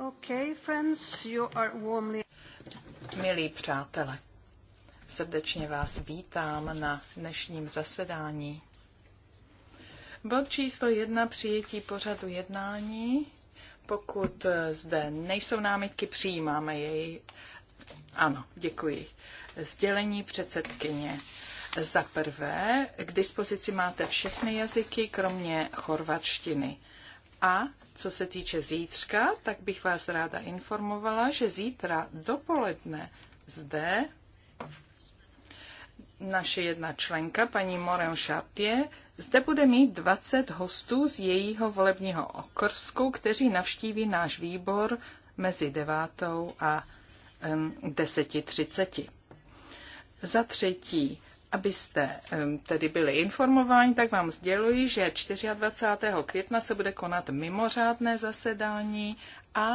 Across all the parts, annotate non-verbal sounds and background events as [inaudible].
Okay, friends, you are warmly... Milí přátelé, srdečně vás vítám na dnešním zasedání. Bod číslo jedna přijetí pořadu jednání. Pokud zde nejsou námitky, přijímáme jej. Ano, děkuji. Sdělení předsedkyně. Za prvé, k dispozici máte všechny jazyky, kromě chorvačtiny. A co se týče zítřka, tak bych vás ráda informovala, že zítra dopoledne zde naše jedna členka, paní Moren Chartier, zde bude mít 20 hostů z jejího volebního okrsku, kteří navštíví náš výbor mezi 9 a 10.30. Za třetí, Abyste tedy byli informováni, tak vám sděluji, že 24. května se bude konat mimořádné zasedání a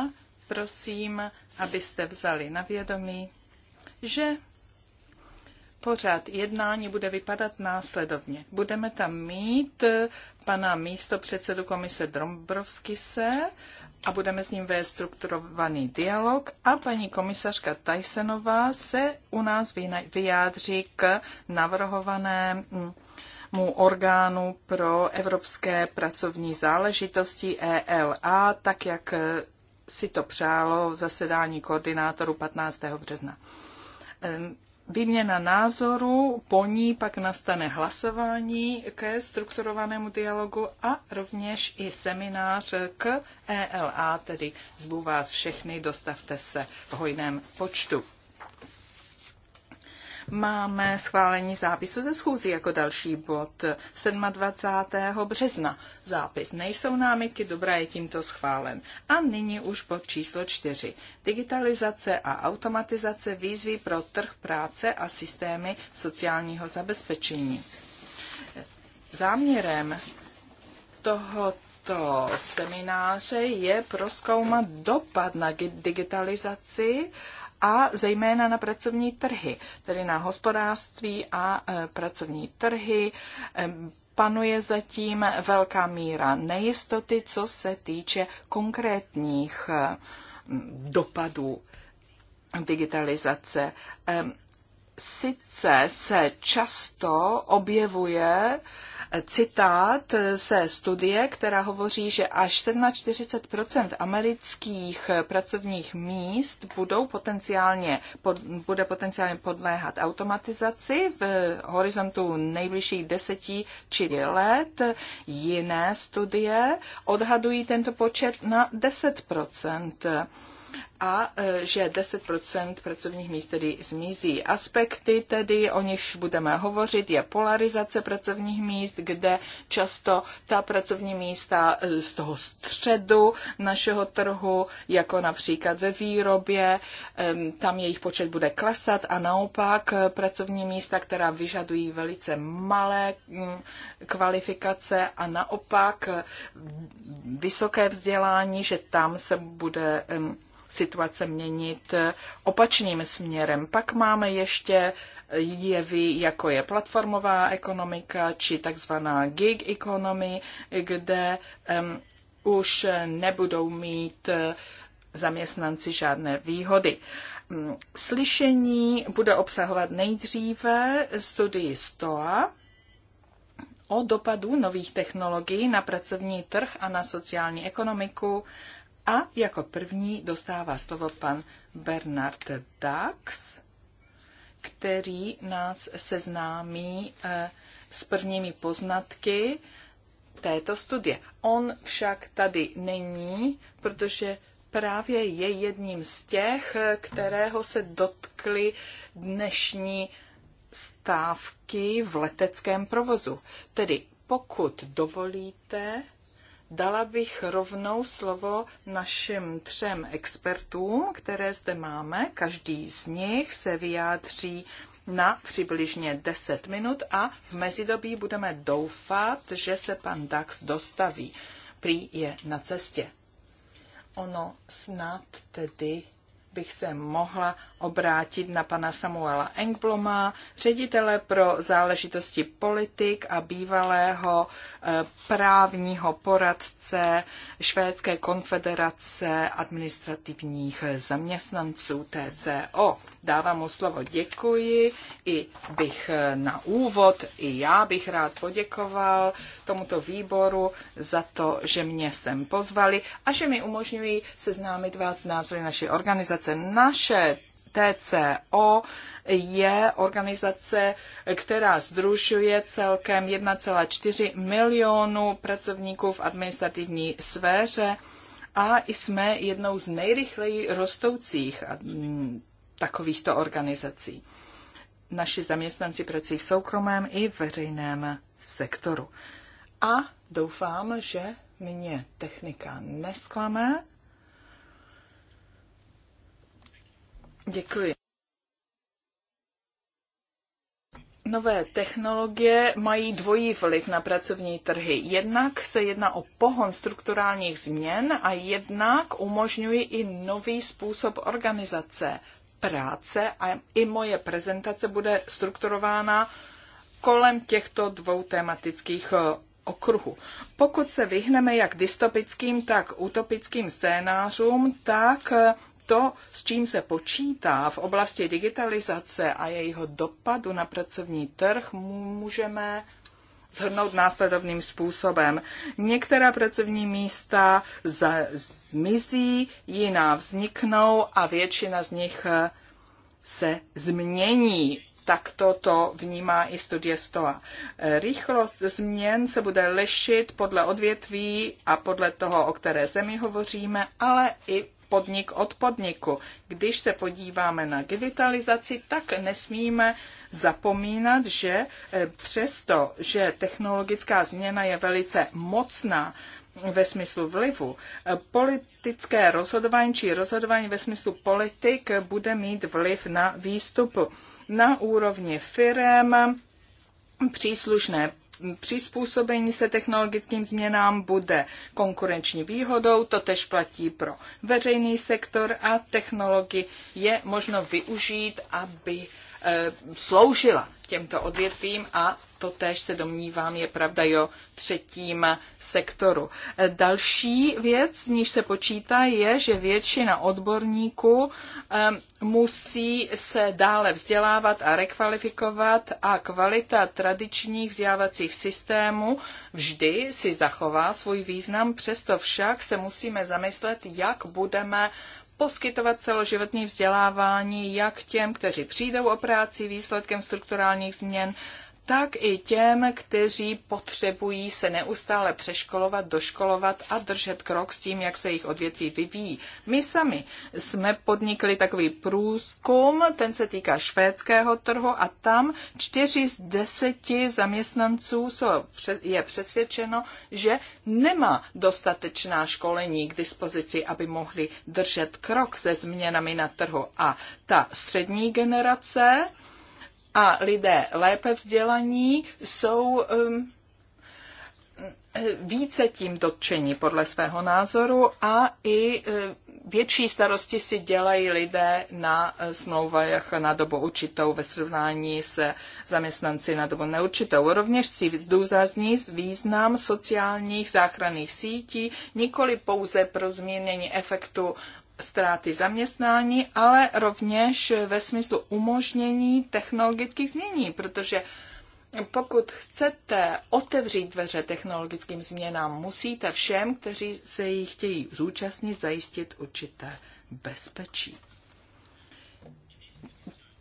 prosím, abyste vzali na vědomí, že pořád jednání bude vypadat následovně. Budeme tam mít eh, pana místo předsedu komise Drombrovskise, a budeme s ním vést strukturovaný dialog a paní komisařka Tysonová se u nás vyjádří k navrhovanému orgánu pro evropské pracovní záležitosti ELA, tak jak si to přálo zasedání koordinátorů 15. března výměna názoru, po ní pak nastane hlasování ke strukturovanému dialogu a rovněž i seminář k ELA, tedy zvu vás všechny, dostavte se v hojném počtu máme schválení zápisu ze schůzí jako další bod 27. března. Zápis nejsou námitky, dobrá je tímto schválen. A nyní už bod číslo 4. Digitalizace a automatizace výzvy pro trh práce a systémy sociálního zabezpečení. Záměrem tohoto semináře je proskoumat dopad na digitalizaci a zejména na pracovní trhy, tedy na hospodářství a e, pracovní trhy. E, panuje zatím velká míra nejistoty, co se týče konkrétních e, dopadů digitalizace sice se často objevuje citát se studie, která hovoří, že až 47 amerických pracovních míst budou potenciálně, pod, bude potenciálně podléhat automatizaci v horizontu nejbližších deseti či let. Jiné studie odhadují tento počet na 10 a e, že 10% pracovních míst tedy zmizí. Aspekty tedy, o nichž budeme hovořit, je polarizace pracovních míst, kde často ta pracovní místa e, z toho středu našeho trhu, jako například ve výrobě, e, tam jejich počet bude klesat a naopak pracovní místa, která vyžadují velice malé kvalifikace a naopak vysoké vzdělání, že tam se bude situace měnit opačným směrem. Pak máme ještě jevy, jako je platformová ekonomika či takzvaná gig economy, kde um, už nebudou mít eh, zaměstnanci žádné výhody. Mm, slyšení bude obsahovat nejdříve studii STOA o dopadu nových technologií na pracovní trh a na sociální ekonomiku, a jako první dostává slovo pan Bernard Dax, který nás seznámí eh, s prvními poznatky této studie. On však tady není, protože právě je jedním z těch, eh, kterého se dotkly dnešní stávky v leteckém provozu. Tedy pokud dovolíte, Dala bych rovnou slovo našim třem expertům, které zde máme. Každý z nich se vyjádří na přibližně 10 minut a v mezidobí budeme doufat, že se pan Dax dostaví. Prý je na cestě. Ono snad tedy bych se mohla obrátit na pana Samuela Engbloma, ředitele pro záležitosti politik a bývalého eh, právního poradce Švédské konfederace administrativních zaměstnanců TCO. Dávám mu slovo děkuji. I bych eh, na úvod, i já bych rád poděkoval tomuto výboru za to, že mě sem pozvali a že mi umožňují seznámit vás s názory naší organizace. Naše TCO je organizace, která združuje celkem 1,4 milionu pracovníků v administrativní sféře a jsme jednou z nejrychleji rostoucích mm, takovýchto organizací. Naši zaměstnanci pracují v soukromém i veřejném sektoru. A doufám, že mě technika nesklame Děkuji. Nové technologie mají dvojí vliv na pracovní trhy. Jednak se jedná o pohon strukturálních změn a jednak umožňují i nový způsob organizace práce a i moje prezentace bude strukturována kolem těchto dvou tematických eh, okruhů. Pokud se vyhneme jak dystopickým, tak utopickým scénářům, tak eh, to, s čím se počítá v oblasti digitalizace a jejího dopadu na pracovní trh, můžeme zhrnout následovným způsobem. Některá pracovní místa zmizí, jiná vzniknou a většina z nich eh, se změní. Tak toto vnímá i studie STOA. Eh, rychlost změn se bude lišit podle odvětví a podle toho, o které zemi hovoříme, ale i podnik od podniku. Když se podíváme na digitalizaci, tak nesmíme zapomínat, že eh, přesto, že technologická změna je velice mocná, ve smyslu vlivu. Eh, politické rozhodování či rozhodování ve smyslu politik bude mít vliv na výstupu na úrovni firem, příslušné přizpůsobení se technologickým změnám bude konkurenční výhodou, to tež platí pro veřejný sektor a technologii je možno využít, aby eh, sloužila těmto odvětvím a to též se domnívám je pravda jo třetím sektoru. Další věc, z níž se počítá, je, že většina odborníků musí se dále vzdělávat a rekvalifikovat a kvalita tradičních vzdělávacích systémů vždy si zachová svůj význam, přesto však se musíme zamyslet, jak budeme poskytovat celoživotní vzdělávání jak těm, kteří přijdou o práci výsledkem strukturálních změn, tak i těm, kteří potřebují se neustále přeškolovat, doškolovat a držet krok s tím, jak se jejich odvětví vyvíjí. My sami jsme podnikli takový průzkum, ten se týká švédského trhu a tam čtyři z deseti zaměstnanců je přesvědčeno, že nemá dostatečná školení k dispozici, aby mohli držet krok se změnami na trhu. A ta střední generace, a lidé lépe vzdělaní jsou um, více tím dotčeni podle svého názoru a i eh, větší starosti si dělají lidé na eh, smlouvách na dobu určitou ve srovnání se zaměstnanci na dobu neurčitou. Rovněž si zdůrazní význam sociálních záchranných sítí nikoli pouze pro změnění efektu ztráty zaměstnání, ale rovněž ve smyslu umožnění technologických změní, protože pokud chcete otevřít dveře technologickým změnám, musíte všem, kteří se jich chtějí zúčastnit, zajistit určité bezpečí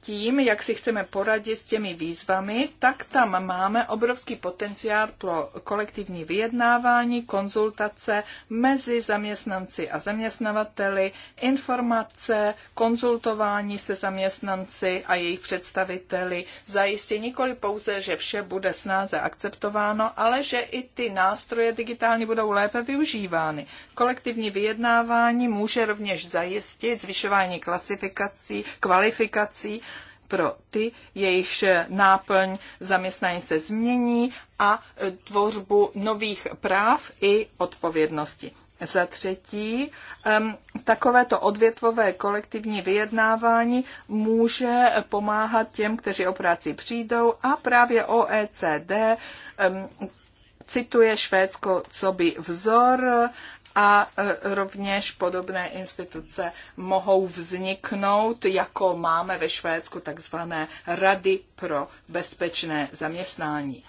tím, jak si chceme poradit s těmi výzvami, tak tam máme obrovský potenciál pro kolektivní vyjednávání, konzultace mezi zaměstnanci a zaměstnavateli, informace, konzultování se zaměstnanci a jejich představiteli. Zajistě nikoli pouze, že vše bude snáze akceptováno, ale že i ty nástroje digitální budou lépe využívány. Kolektivní vyjednávání může rovněž zajistit zvyšování klasifikací, kvalifikací, pro ty, jejichž náplň zaměstnání se změní a tvorbu nových práv i odpovědnosti. Za třetí, takovéto odvětvové kolektivní vyjednávání může pomáhat těm, kteří o práci přijdou a právě OECD cituje Švédsko co by vzor a e, rovněž podobné instituce mohou vzniknout, jako máme ve Švédsku takzvané rady pro bezpečné zaměstnání.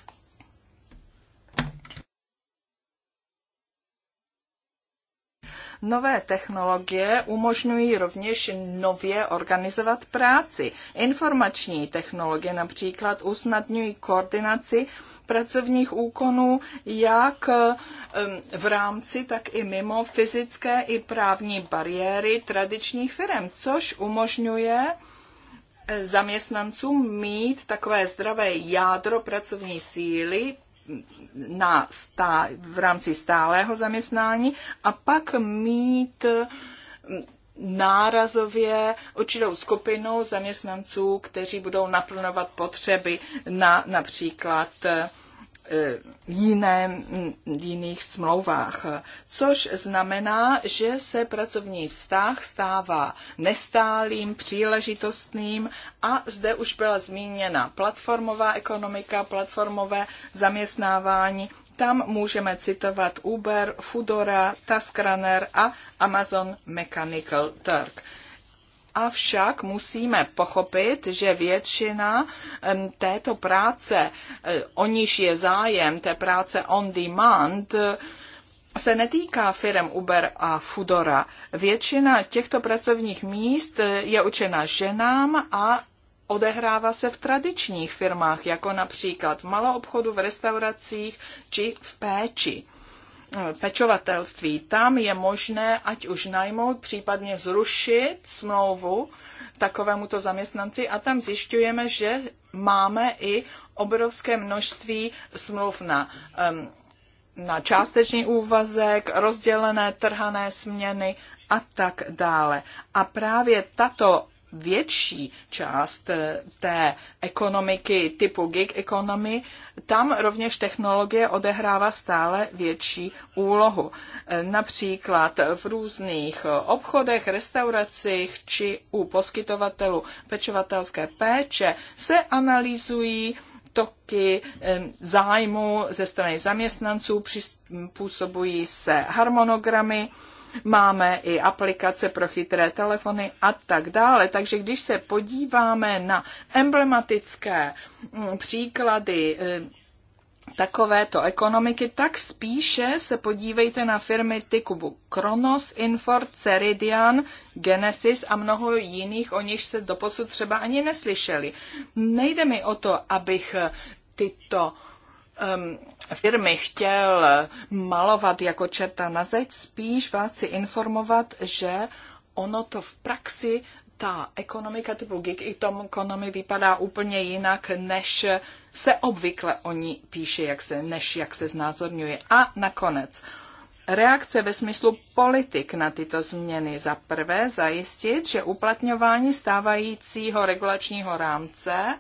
Nové technologie umožňují rovněž nově organizovat práci. Informační technologie například usnadňují koordinaci pracovních úkonů, jak v rámci, tak i mimo fyzické i právní bariéry tradičních firm, což umožňuje eh, zaměstnancům mít takové zdravé jádro pracovní síly, na stá, v rámci stálého zaměstnání a pak mít nárazově určitou skupinou zaměstnanců, kteří budou naplňovat potřeby na například e, jiné, jiných smlouvách. Což znamená, že se pracovní vztah stává nestálým, příležitostným a zde už byla zmíněna platformová ekonomika, platformové zaměstnávání, tam můžeme citovat Uber, Fudora, Taskrunner a Amazon Mechanical Turk. Avšak musíme pochopit, že většina této práce, eh, o níž je zájem, té práce on demand, se netýká firm Uber a Fudora. Většina těchto pracovních míst eh, je učena ženám a odehrává se v tradičních firmách, jako například v maloobchodu, v restauracích či v péči eh, pečovatelství. Tam je možné ať už najmout, případně zrušit smlouvu takovémuto zaměstnanci a tam zjišťujeme, že máme i obrovské množství smluv na, na částečný úvazek, rozdělené trhané směny a tak dále. A právě tato větší část eh, té ekonomiky typu gig economy, tam rovněž technologie odehrává stále větší úlohu. Eh, například v různých eh, obchodech, restauracích či u poskytovatelů pečovatelské péče se analýzují toky zájmu ze strany zaměstnanců, přizpůsobují se harmonogramy, máme i aplikace pro chytré telefony a tak dále. Takže když se podíváme na emblematické mm, příklady eh, takovéto ekonomiky, tak spíše se podívejte na firmy Tykubu Kronos, Infor, Ceridian, Genesis a mnoho jiných, o nichž se doposud třeba ani neslyšeli. Nejde mi o to, abych tyto um, firmy chtěl malovat jako čerta na zeď, spíš vás chci informovat, že ono to v praxi, ta ekonomika typu gig i tom ekonomii vypadá úplně jinak, než se obvykle o ní píše, jak se, než jak se znázorňuje. A nakonec, Reakce ve smyslu politik na tyto změny za prvé zajistit, že uplatňování stávajícího regulačního rámce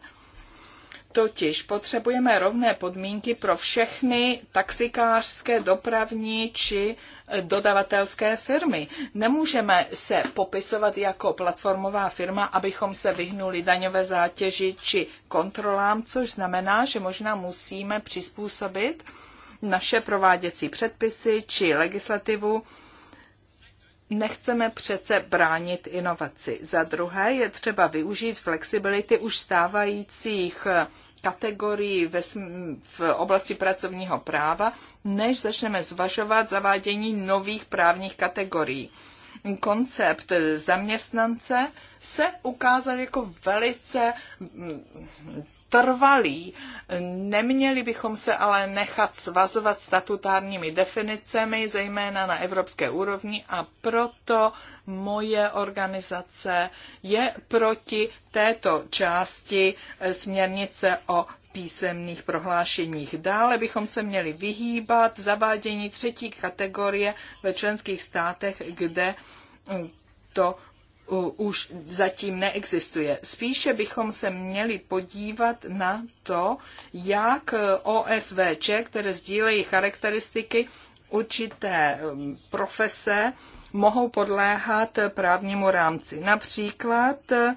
Totiž potřebujeme rovné podmínky pro všechny taxikářské, dopravní či eh, dodavatelské firmy. Nemůžeme se popisovat jako platformová firma, abychom se vyhnuli daňové zátěži či kontrolám, což znamená, že možná musíme přizpůsobit naše prováděcí předpisy či legislativu nechceme přece bránit inovaci. Za druhé je třeba využít flexibility už stávajících kategorií ve, v oblasti pracovního práva, než začneme zvažovat zavádění nových právních kategorií. Koncept zaměstnance se ukázal jako velice trvalý. Neměli bychom se ale nechat svazovat statutárními definicemi, zejména na evropské úrovni, a proto moje organizace je proti této části eh, směrnice o písemných prohlášeních. Dále bychom se měli vyhýbat zavádění třetí kategorie ve členských státech, kde mm, to už zatím neexistuje. Spíše bychom se měli podívat na to, jak eh, OSVČ, které sdílejí charakteristiky určité mm, profese, mohou podléhat eh, právnímu rámci. Například eh,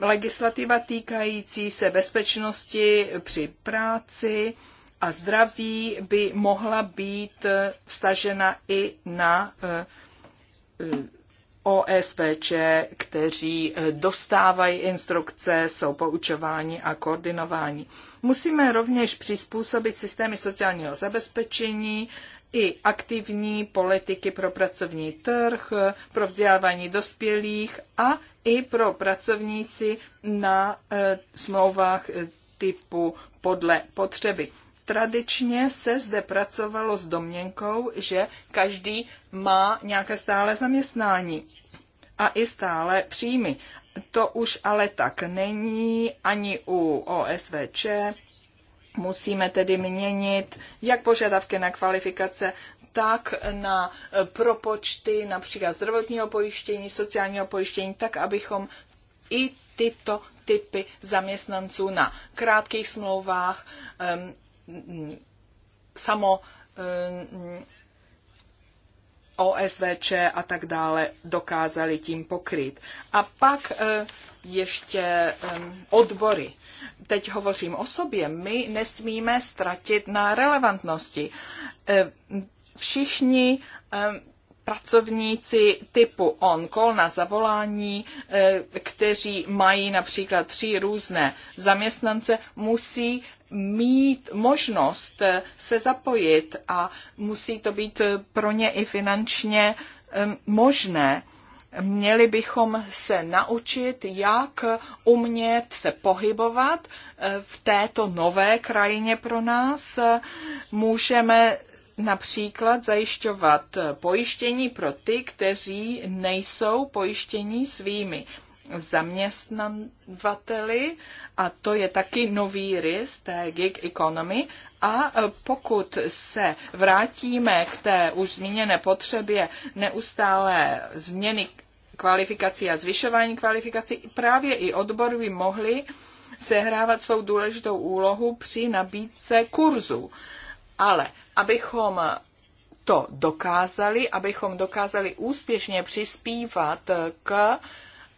legislativa týkající se bezpečnosti při práci a zdraví by mohla být vstažena i na OSVČ, kteří eh, dostávají instrukce, jsou poučováni a koordinováni. Musíme rovněž přizpůsobit systémy sociálního zabezpečení i aktivní politiky pro pracovní trh, pro vzdělávání dospělých a i pro pracovníci na eh, smlouvách eh, typu podle potřeby. Tradičně se zde pracovalo s domněnkou, že každý má nějaké stále zaměstnání a i stále příjmy. To už ale tak není ani u OSVČ. Musíme tedy měnit jak požadavky na kvalifikace, tak na propočty například zdravotního pojištění, sociálního pojištění, tak abychom i tyto typy zaměstnanců na krátkých smlouvách samo eh, OSVČ a tak dále dokázali tím pokryt. A pak eh, ještě eh, odbory. Teď hovořím o sobě. My nesmíme ztratit na relevantnosti. Všichni pracovníci typu on-call na zavolání, kteří mají například tři různé zaměstnance, musí mít možnost eh, se zapojit a musí to být eh, pro ně i finančně možné. Měli bychom se naučit, jak umět se pohybovat eh, v této nové krajině pro nás. Můžeme například zajišťovat pojištění pro ty, kteří nejsou pojištění svými zaměstnavateli a to je taky nový rys té gig economy a e, pokud se vrátíme k té už zmíněné potřebě neustálé změny kvalifikací a zvyšování kvalifikací, právě i odbory by mohly sehrávat svou důležitou úlohu při nabídce kurzu. Ale abychom to dokázali, abychom dokázali úspěšně přispívat k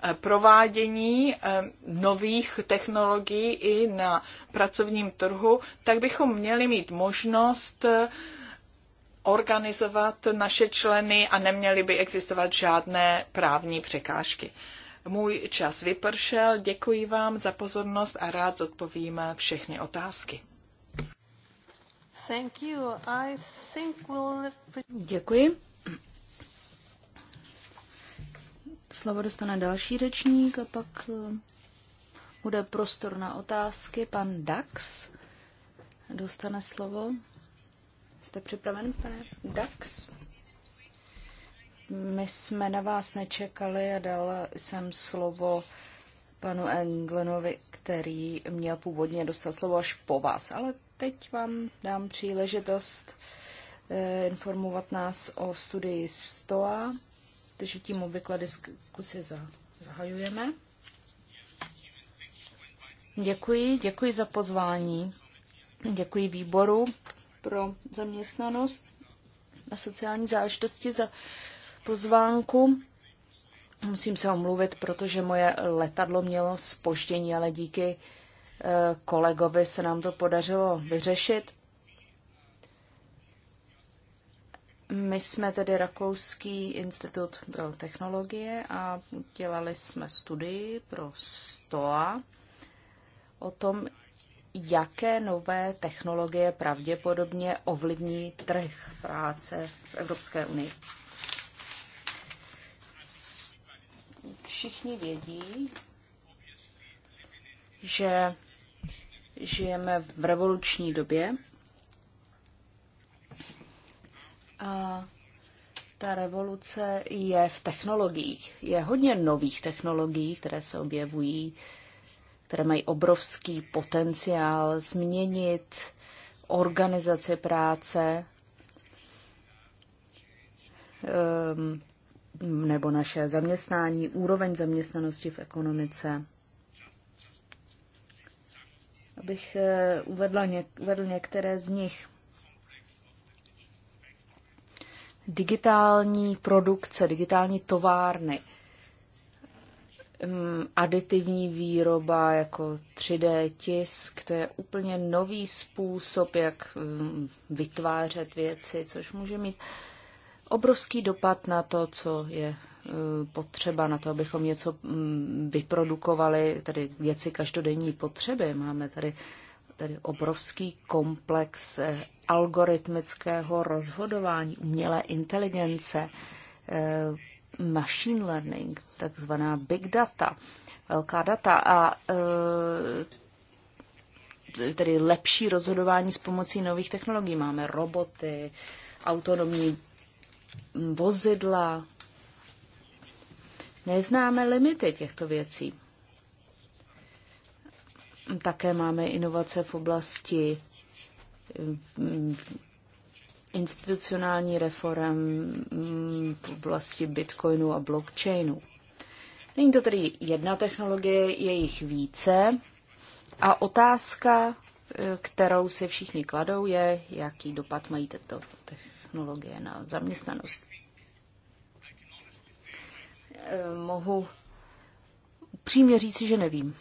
Eh, provádění eh, nových technologií i na pracovním trhu, tak bychom měli mít možnost eh, organizovat naše členy a neměly by existovat žádné právní překážky. Můj čas vypršel, děkuji vám za pozornost a rád zodpovím všechny otázky. Děkuji. Slovo dostane další řečník a pak eh, bude prostor na otázky. Pan Dax dostane slovo. Jste připraven, pane Dax? My jsme na vás nečekali a dal jsem slovo panu Englenovi, který měl původně dostat slovo až po vás, ale teď vám dám příležitost eh, informovat nás o studii STOA takže tím obvykle diskusy zahajujeme. Děkuji, děkuji za pozvání. Děkuji výboru pro zaměstnanost a sociální záležitosti za pozvánku. Musím se omluvit, protože moje letadlo mělo spoždění, ale díky eh, kolegovi se nám to podařilo vyřešit. My jsme tedy Rakouský institut pro technologie a dělali jsme studii pro STOA o tom, jaké nové technologie pravděpodobně ovlivní trh práce v Evropské unii. Všichni vědí, že žijeme v revoluční době a ta revoluce je v technologiích. Je hodně nových technologií, které se objevují, které mají obrovský potenciál změnit organizaci práce ehm, nebo naše zaměstnání, úroveň zaměstnanosti v ekonomice. Abych eh, uvedla něk- uvedl některé z nich. digitální produkce, digitální továrny, mm, aditivní výroba jako 3D tisk, to je úplně nový způsob, jak mm, vytvářet věci, což může mít obrovský dopad na to, co je mm, potřeba na to, abychom něco vyprodukovali, tedy věci každodenní potřeby. Máme tady, tady obrovský komplex eh, algoritmického rozhodování, umělé inteligence, eh, machine learning, takzvaná big data, velká data a eh, tedy lepší rozhodování s pomocí nových technologií. Máme roboty, autonomní vozidla. Neznáme limity těchto věcí. Také máme inovace v oblasti institucionální reform v oblasti bitcoinu a blockchainu. Není to tedy jedna technologie, je jich více. A otázka, eh, kterou se všichni kladou, je, jaký dopad mají tyto technologie na zaměstnanost. Eh, mohu přímě říci, že nevím.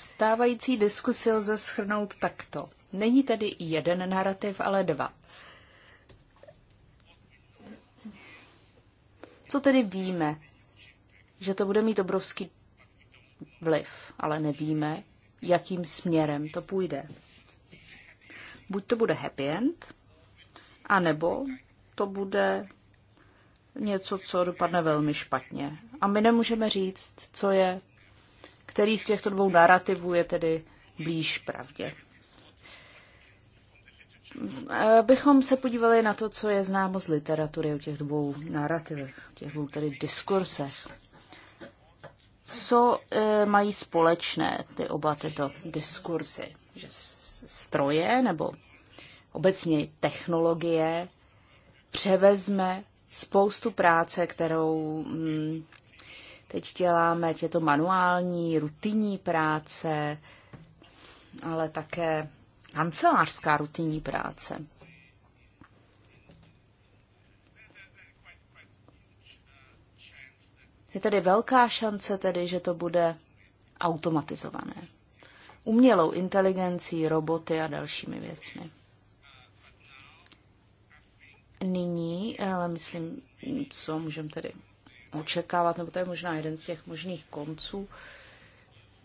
Stávající diskusi lze schrnout takto. Není tedy jeden narrativ, ale dva. Co tedy víme? Že to bude mít obrovský vliv, ale nevíme, jakým směrem to půjde. Buď to bude happy end, anebo to bude něco, co dopadne velmi špatně. A my nemůžeme říct, co je který z těchto dvou narrativů je tedy blíž pravdě? Bychom se podívali na to, co je známo z literatury o těch dvou narrativech, o těch dvou tedy diskursech. Co e, mají společné ty oba tyto diskursy? Že stroje nebo obecně technologie převezme spoustu práce, kterou mm, teď děláme, je to manuální, rutinní práce, ale také kancelářská rutinní práce. Je tedy velká šance tedy, že to bude automatizované. Umělou inteligencí, roboty a dalšími věcmi. Nyní, ale myslím, co můžeme tedy očekávat, nebo to je možná jeden z těch možných konců,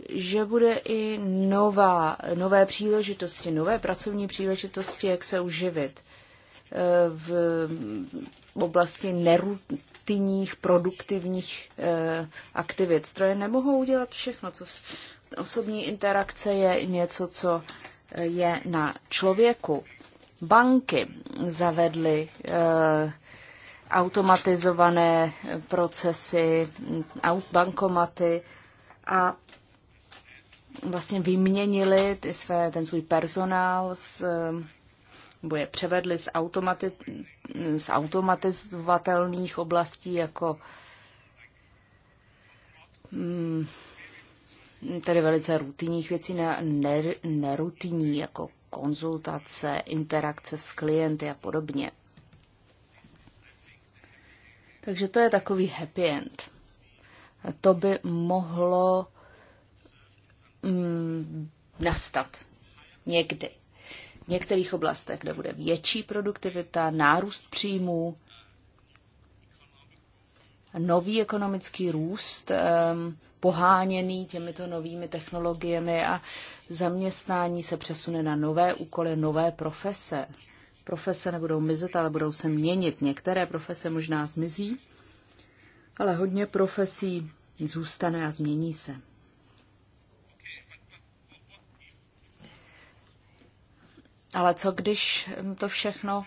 že bude i nová, nové příležitosti, nové pracovní příležitosti, jak se uživit eh, v oblasti nerutinních, produktivních eh, aktivit. Stroje nemohou udělat všechno, co osobní interakce je něco, co eh, je na člověku. Banky zavedly automatizované procesy, bankomaty a vlastně vyměnili ty své, ten svůj personál s, nebo je převedli z, automati, z automatizovatelných oblastí jako hmm, tedy velice rutinních věcí na nerutinní, jako konzultace, interakce s klienty a podobně. Takže to je takový happy end. A to by mohlo mm, nastat někdy. V některých oblastech, kde bude větší produktivita, nárůst příjmů, nový ekonomický růst um, poháněný těmito novými technologiemi a zaměstnání se přesune na nové úkoly, nové profese, profese nebudou mizet, ale budou se měnit. Některé profese možná zmizí, ale hodně profesí zůstane a změní se. Ale co když to všechno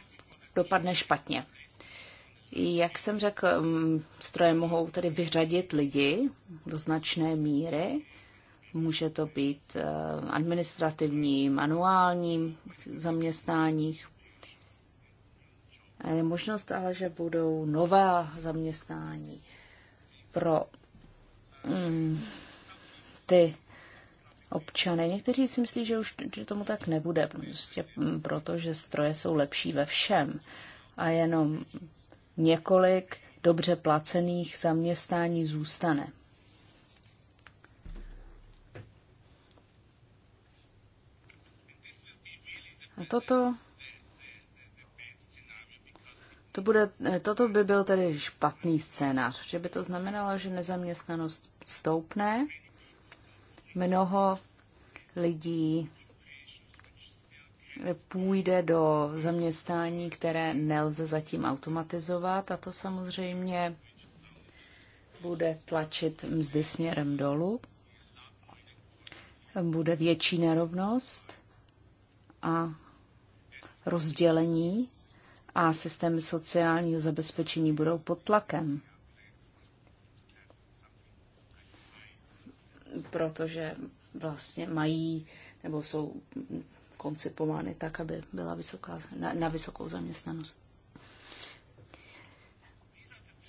dopadne špatně? Jak jsem řekl, mm, stroje mohou tedy vyřadit lidi do značné míry. Může to být eh, administrativní, manuální, zaměstnáních, je možnost ale, že budou nová zaměstnání pro mm, ty občany. Někteří si myslí, že už že tomu tak nebude, prostě mm, proto, že stroje jsou lepší ve všem. A jenom několik dobře placených zaměstnání zůstane. A toto to bude, eh, toto by byl tedy špatný scénář, že by to znamenalo, že nezaměstnanost stoupne, mnoho lidí eh, půjde do zaměstnání, které nelze zatím automatizovat a to samozřejmě bude tlačit mzdy směrem dolů, bude větší nerovnost a rozdělení a systémy sociálního zabezpečení budou pod tlakem. Protože vlastně mají nebo jsou koncipovány tak, aby byla vysoká, na, na vysokou zaměstnanost.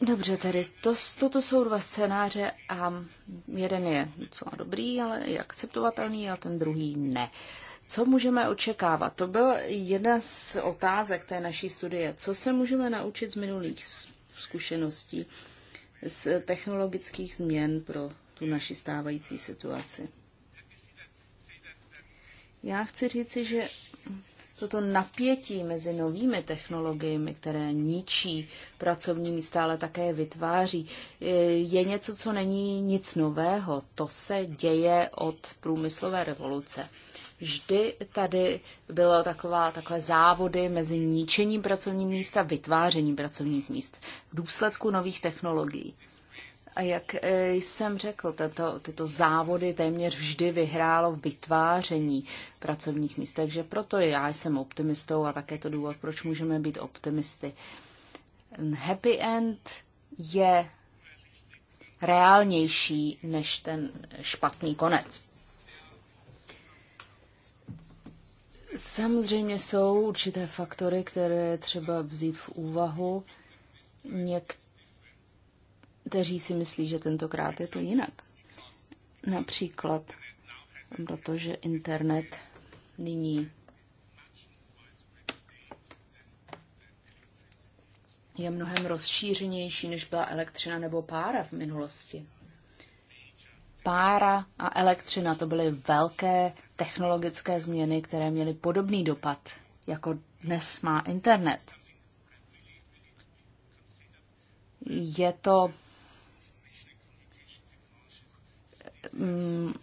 Dobře, tedy to, toto jsou dva scénáře a jeden je docela dobrý, ale je akceptovatelný a ten druhý ne. Co můžeme očekávat? To byl jedna z otázek té naší studie. Co se můžeme naučit z minulých zkušeností, z technologických změn pro tu naši stávající situaci? Já chci říci, že toto napětí mezi novými technologiemi, které ničí pracovní místa, ale také vytváří, je něco, co není nic nového. To se děje od průmyslové revoluce. Vždy tady bylo taková, takové závody mezi ničením pracovních míst a vytvářením pracovních míst v důsledku nových technologií. A jak e, jsem řekl, tato, tyto závody téměř vždy vyhrálo vytváření pracovních míst. Takže proto já jsem optimistou a také to důvod, proč můžeme být optimisty. Happy end je reálnější než ten špatný konec. Samozřejmě jsou určité faktory, které třeba vzít v úvahu. Někteří si myslí, že tentokrát je to jinak. Například, protože internet nyní je mnohem rozšířenější, než byla elektřina nebo pára v minulosti. Pára a elektřina to byly velké technologické změny, které měly podobný dopad, jako dnes má internet. Je to mm,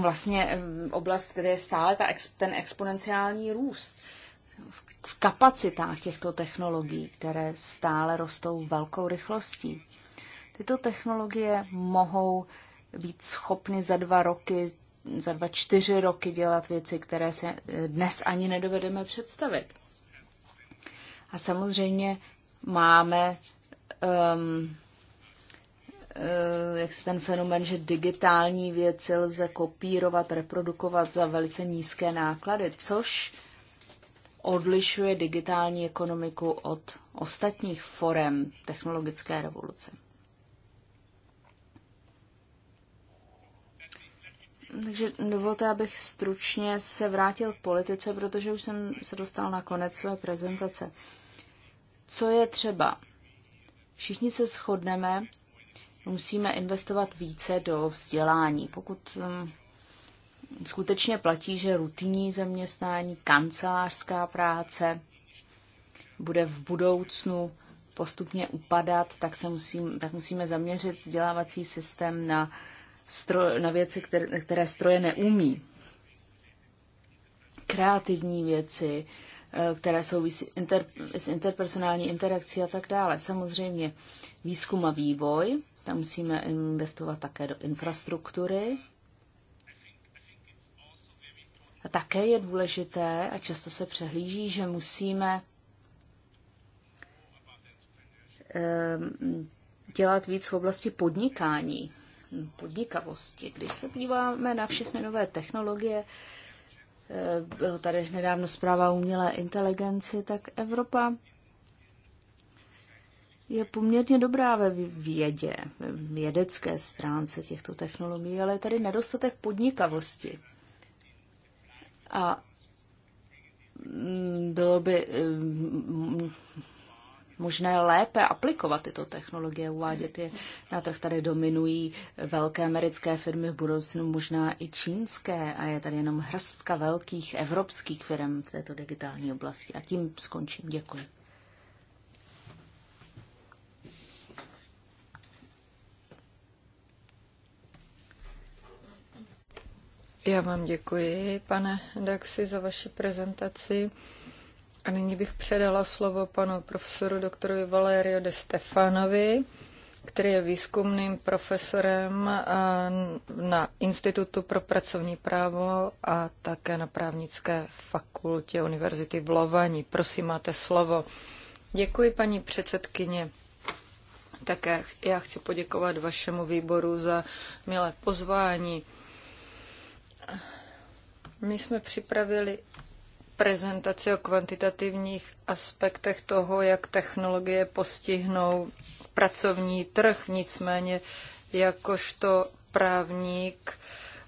vlastně mm, oblast, kde je stále ta, ten exponenciální růst v kapacitách těchto technologií, které stále rostou velkou rychlostí. Tyto technologie mohou být schopny za dva roky, za dva čtyři roky dělat věci, které se eh, dnes ani nedovedeme představit. A samozřejmě máme um, jak se ten fenomen, že digitální věci lze kopírovat, reprodukovat za velice nízké náklady, což odlišuje digitální ekonomiku od ostatních forem technologické revoluce. Takže dovolte, abych stručně se vrátil k politice, protože už jsem se dostal na konec své prezentace. Co je třeba? Všichni se shodneme, musíme investovat více do vzdělání. Pokud um, skutečně platí, že rutinní zaměstnání, kancelářská práce bude v budoucnu postupně upadat, tak, se musím, tak musíme zaměřit vzdělávací systém na uh, stro, na věci, které, které stroje neumí. Kreativní věci, eh, které souvisí inter, s interpersonální interakcí a tak dále. Samozřejmě výzkum a vývoj, tam musíme investovat také do infrastruktury. A také je důležité, a často se přehlíží, že musíme ehm, dělat víc v oblasti podnikání podnikavosti. Když se podíváme na všechny nové technologie, eh, byla tady nedávno zpráva o umělé inteligenci, tak Evropa je poměrně dobrá ve vědě, ve vědecké stránce těchto technologií, ale je tady nedostatek podnikavosti. A mm, bylo by eh, možné lépe aplikovat tyto technologie, uvádět je na trh. Tady dominují velké americké firmy, v budoucnu možná i čínské a je tady jenom hrstka velkých evropských firm v této digitální oblasti. A tím skončím. Děkuji. Já vám děkuji, pane Daxi, za vaši prezentaci. A nyní bych předala slovo panu profesoru doktorovi Valerio de Stefanovi, který je výzkumným profesorem na Institutu pro pracovní právo a také na právnické fakultě Univerzity v Lovani. Prosím, máte slovo. Děkuji, paní předsedkyně. Také já chci poděkovat vašemu výboru za milé pozvání. My jsme připravili prezentaci o kvantitativních aspektech toho, jak technologie postihnou pracovní trh. Nicméně, jakožto právník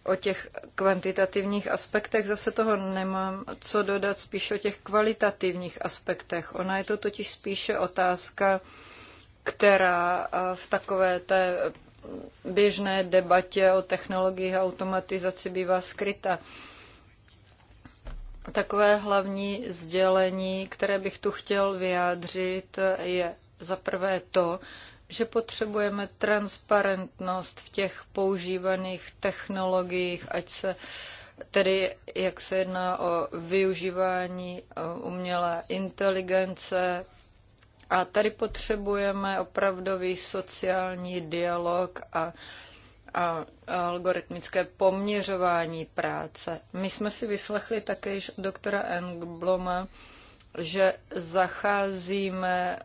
o těch kvantitativních aspektech zase toho nemám co dodat, spíš o těch kvalitativních aspektech. Ona je to totiž spíše otázka, která v takové té běžné debatě o technologiích a automatizaci bývá skryta. Takové hlavní sdělení, které bych tu chtěl vyjádřit, je za prvé to, že potřebujeme transparentnost v těch používaných technologiích, ať se tedy, jak se jedná o využívání umělé inteligence. A tady potřebujeme opravdový sociální dialog a a algoritmické poměřování práce. My jsme si vyslechli také již od doktora Engbloma, že zacházíme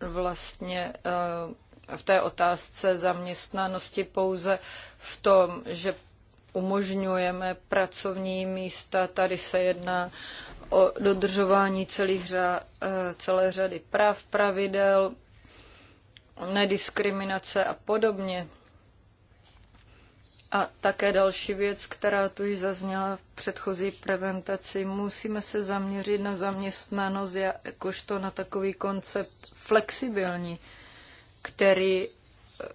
vlastně eh, v té otázce zaměstnanosti pouze v tom, že umožňujeme pracovní místa. Tady se jedná o dodržování celých řa, eh, celé řady práv, pravidel, nediskriminace a podobně. A také další věc, která tu již zazněla v předchozí prezentaci, musíme se zaměřit na zaměstnanost jakožto na takový koncept flexibilní, který eh,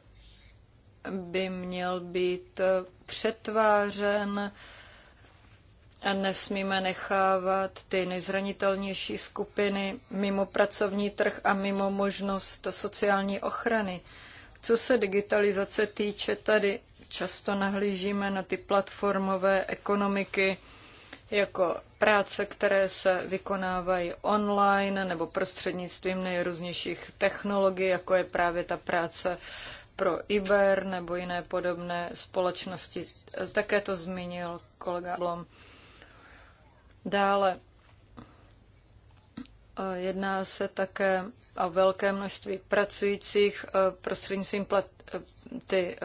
by měl být eh, přetvářen a nesmíme nechávat ty nejzranitelnější skupiny mimo pracovní trh a mimo možnost sociální ochrany. Co se digitalizace týče, tady Často nahlížíme na ty platformové ekonomiky jako práce, které se vykonávají online nebo prostřednictvím nejrůznějších technologií, jako je právě ta práce pro Iber nebo jiné podobné společnosti. Také to zmínil kolega Blom. Dále eh, jedná se také o velké množství pracujících eh, prostřednictvím plat ty,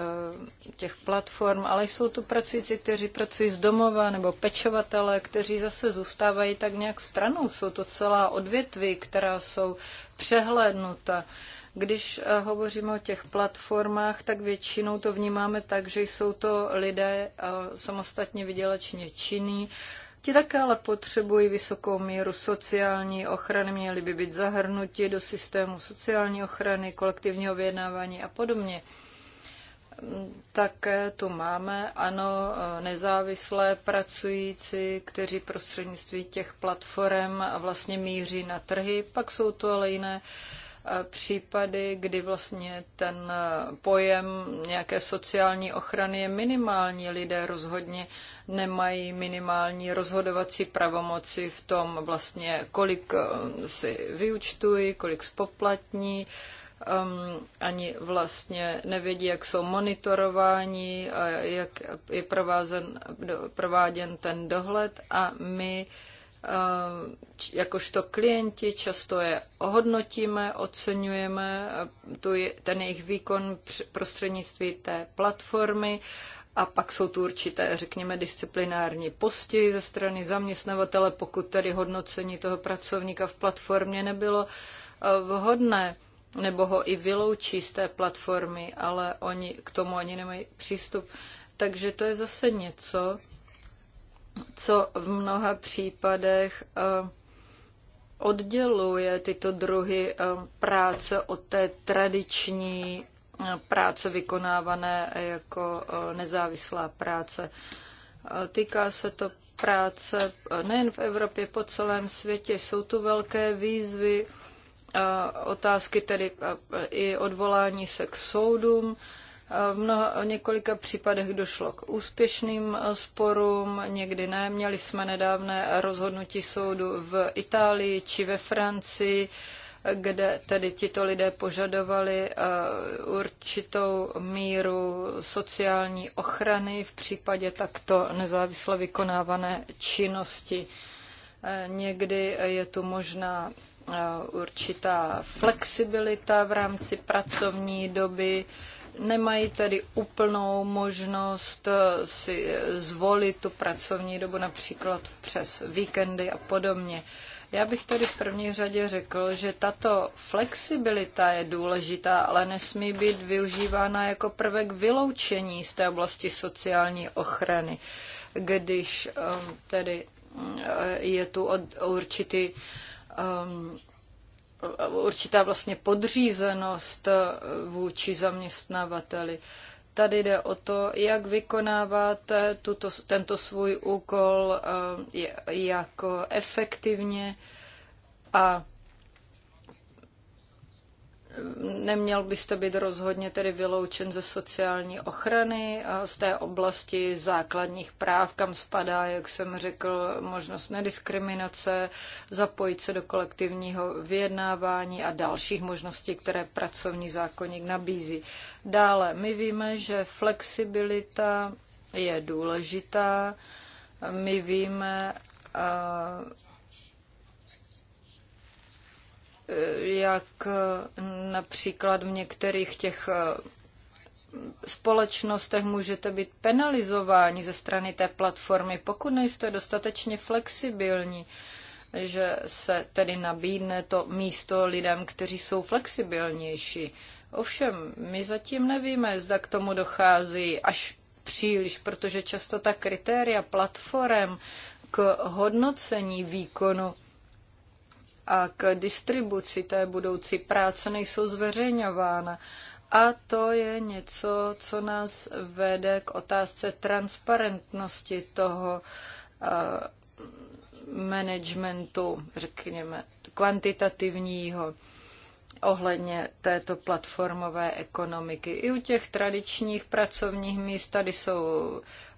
eh, těch platform, ale jsou tu pracující, kteří pracují z domova nebo pečovatele, kteří zase zůstávají tak nějak stranou. Jsou to celá odvětví, která jsou přehlédnuta. Když eh, hovoříme o těch platformách, tak většinou to vnímáme tak, že jsou to lidé eh, samostatně vydělečně činní, Ti také ale potřebují vysokou míru sociální ochrany, měli by být zahrnuti do systému sociální ochrany, kolektivního vyjednávání a podobně také eh, tu máme, ano, eh, nezávislé pracující, kteří prostřednictví těch platform vlastně míří na trhy, pak jsou to ale jiné eh, případy, kdy vlastně ten pojem nějaké sociální ochrany je minimální. Lidé rozhodně nemají minimální rozhodovací pravomoci v tom vlastně, kolik si vyučtují, kolik spoplatní, um, ani vlastně nevědí, jak jsou monitorováni, jak je provázen, prováděn ten dohled a my ehm, jakožto klienti často je ohodnotíme, oceňujeme tu je, ten jejich výkon prostřednictví té platformy a pak jsou tu určité, řekněme, disciplinární postihy ze strany zaměstnavatele, pokud tedy hodnocení toho pracovníka v platformě nebylo eh, vhodné nebo ho i vyloučí z té platformy, ale oni k tomu ani nemají přístup. Takže to je zase něco, co v mnoha případech eh, odděluje tyto druhy eh, práce od té tradiční eh, práce vykonávané jako nezávislá práce. Týká se to práce nejen v Evropě, po celém světě. Jsou tu velké výzvy otázky tedy i odvolání se k soudům. V mnoha, několika případech došlo k úspěšným sporům, někdy ne. Měli jsme nedávné rozhodnutí soudu v Itálii či ve Francii, kde tedy tito lidé požadovali určitou míru sociální ochrany v případě takto nezávisle vykonávané činnosti. Někdy je tu možná Eh, určitá flexibilita v rámci pracovní doby, nemají tedy úplnou možnost eh, si eh, zvolit tu pracovní dobu například přes víkendy a podobně. Já bych tady v první řadě řekl, že tato flexibilita je důležitá, ale nesmí být využívána jako prvek vyloučení z té oblasti sociální ochrany, když ehm, tedy mm, je tu určitý Um, určitá vlastně podřízenost uh, vůči zaměstnavateli. Tady jde o to, jak vykonáváte tuto, tento svůj úkol uh, jako efektivně a neměl byste být rozhodně tedy vyloučen ze sociální ochrany, z té oblasti základních práv, kam spadá, jak jsem řekl, možnost nediskriminace, zapojit se do kolektivního vyjednávání a dalších možností, které pracovní zákonník nabízí. Dále, my víme, že flexibilita je důležitá. My víme, jak eh, například v některých těch eh, společnostech můžete být penalizováni ze strany té platformy, pokud nejste dostatečně flexibilní, že se tedy nabídne to místo lidem, kteří jsou flexibilnější. Ovšem, my zatím nevíme, zda k tomu dochází až příliš, protože často ta kritéria platform k hodnocení výkonu a k distribuci té budoucí práce nejsou zveřejňována. A to je něco, co nás vede k otázce transparentnosti toho eh, managementu, řekněme, kvantitativního ohledně této platformové ekonomiky. I u těch tradičních pracovních míst tady jsou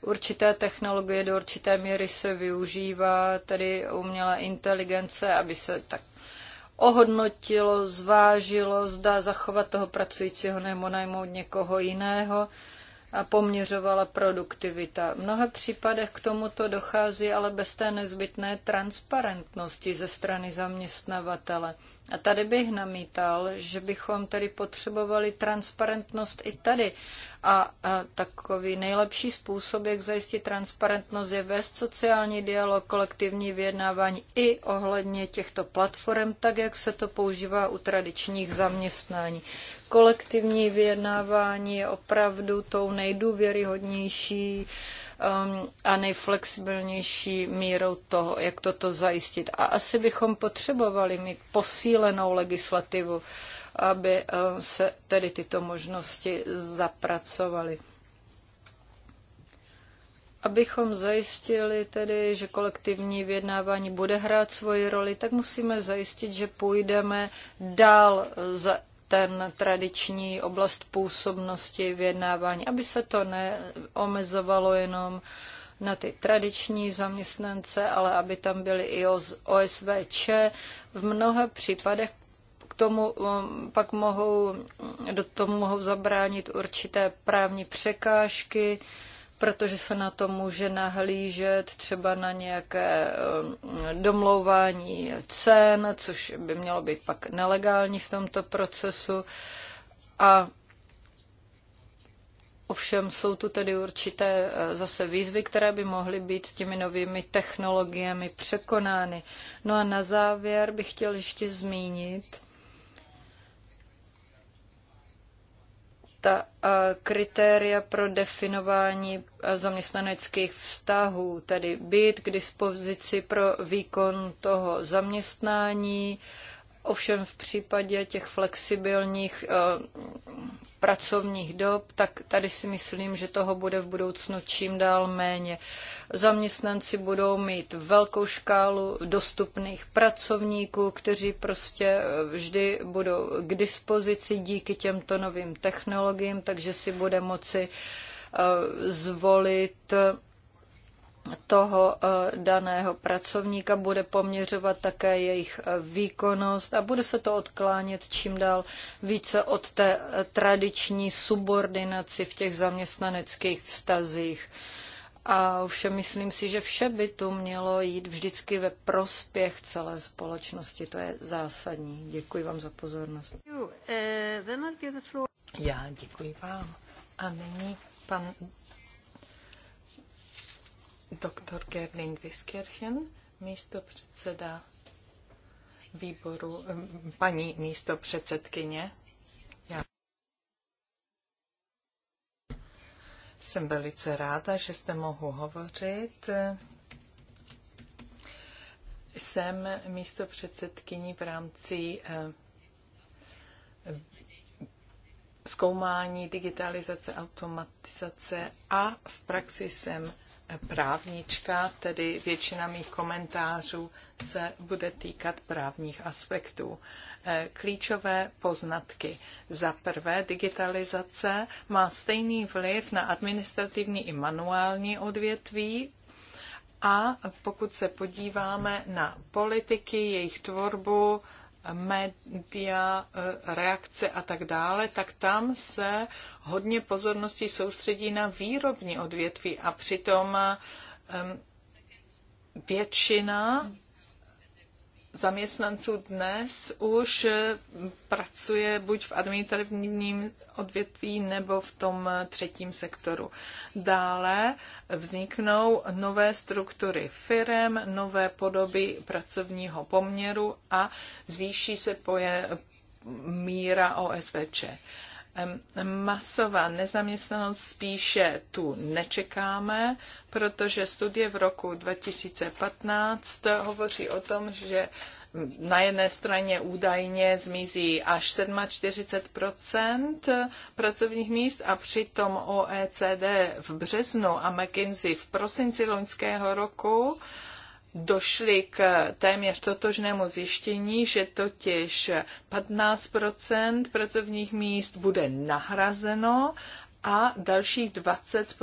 určité technologie, do určité míry se využívá tedy umělá inteligence, aby se tak ohodnotilo, zvážilo, zda zachovat toho pracujícího nebo najmout někoho jiného a poměřovala produktivita. V mnoha případech k tomuto dochází ale bez té nezbytné transparentnosti ze strany zaměstnavatele. A tady bych namítal, že bychom tady potřebovali transparentnost i tady. A, a takový nejlepší způsob, jak zajistit transparentnost, je vést sociální dialog, kolektivní vyjednávání i ohledně těchto platform, tak jak se to používá u tradičních zaměstnání. Kolektivní vyjednávání je opravdu tou nejdůvěryhodnější uh, Um, a nejflexibilnější mírou toho, jak toto zajistit. A asi bychom potřebovali mít posílenou legislativu, aby um, se tedy tyto možnosti zapracovaly abychom zajistili tedy, že kolektivní vyjednávání bude hrát svoji roli, tak musíme zajistit, že půjdeme dál za ten tradiční oblast působnosti vyjednávání, aby se to neomezovalo jenom na ty tradiční zaměstnance, ale aby tam byly i OSVČ. V mnoha případech k tomu um, pak mohou, do tomu mohou zabránit určité právní překážky, protože se na to může nahlížet třeba na nějaké eh, domlouvání cen, což by mělo být pak nelegální v tomto procesu. A Ovšem jsou tu tedy určité eh, zase výzvy, které by mohly být těmi novými technologiemi překonány. No a na závěr bych chtěl ještě zmínit, ta eh, kritéria pro definování eh, zaměstnaneckých vztahů, tedy být k dispozici pro výkon toho zaměstnání, Ovšem v případě těch flexibilních eh, pracovních dob, tak tady si myslím, že toho bude v budoucnu čím dál méně. Zaměstnanci budou mít velkou škálu dostupných pracovníků, kteří prostě eh, vždy budou k dispozici díky těmto novým technologiím, takže si bude moci eh, zvolit toho eh, daného pracovníka, bude poměřovat také jejich eh, výkonnost a bude se to odklánět čím dál více od té eh, tradiční subordinaci v těch zaměstnaneckých vztazích. A ovšem myslím si, že vše by tu mělo jít vždycky ve prospěch celé společnosti. To je zásadní. Děkuji vám za pozornost. Já děkuji vám. A nyní pan Doktor Gerling Viskirchen, místo předseda výboru, eh, paní místo předsedkyně. Já jsem velice ráda, že jste mohu hovořit. Jsem místo předsedkyní v rámci eh, zkoumání digitalizace, automatizace a v praxi jsem právnička, tedy většina mých komentářů se bude týkat právních aspektů. Eh, klíčové poznatky. Za prvé, digitalizace má stejný vliv na administrativní i manuální odvětví, a pokud se podíváme na politiky, jejich tvorbu, média, eh, reakce a tak dále, tak tam se hodně pozornosti soustředí na výrobní odvětví a přitom eh, většina zaměstnanců dnes už eh, pracuje buď v administrativním odvětví nebo v tom eh, třetím sektoru. Dále vzniknou nové struktury firm, nové podoby pracovního poměru a zvýší se poje míra OSVČ masová nezaměstnanost spíše tu nečekáme, protože studie v roku 2015 hovoří o tom, že na jedné straně údajně zmizí až 47 pracovních míst a přitom OECD v březnu a McKinsey v prosinci loňského roku došli k téměř totožnému zjištění, že totiž 15 pracovních míst bude nahrazeno a dalších 20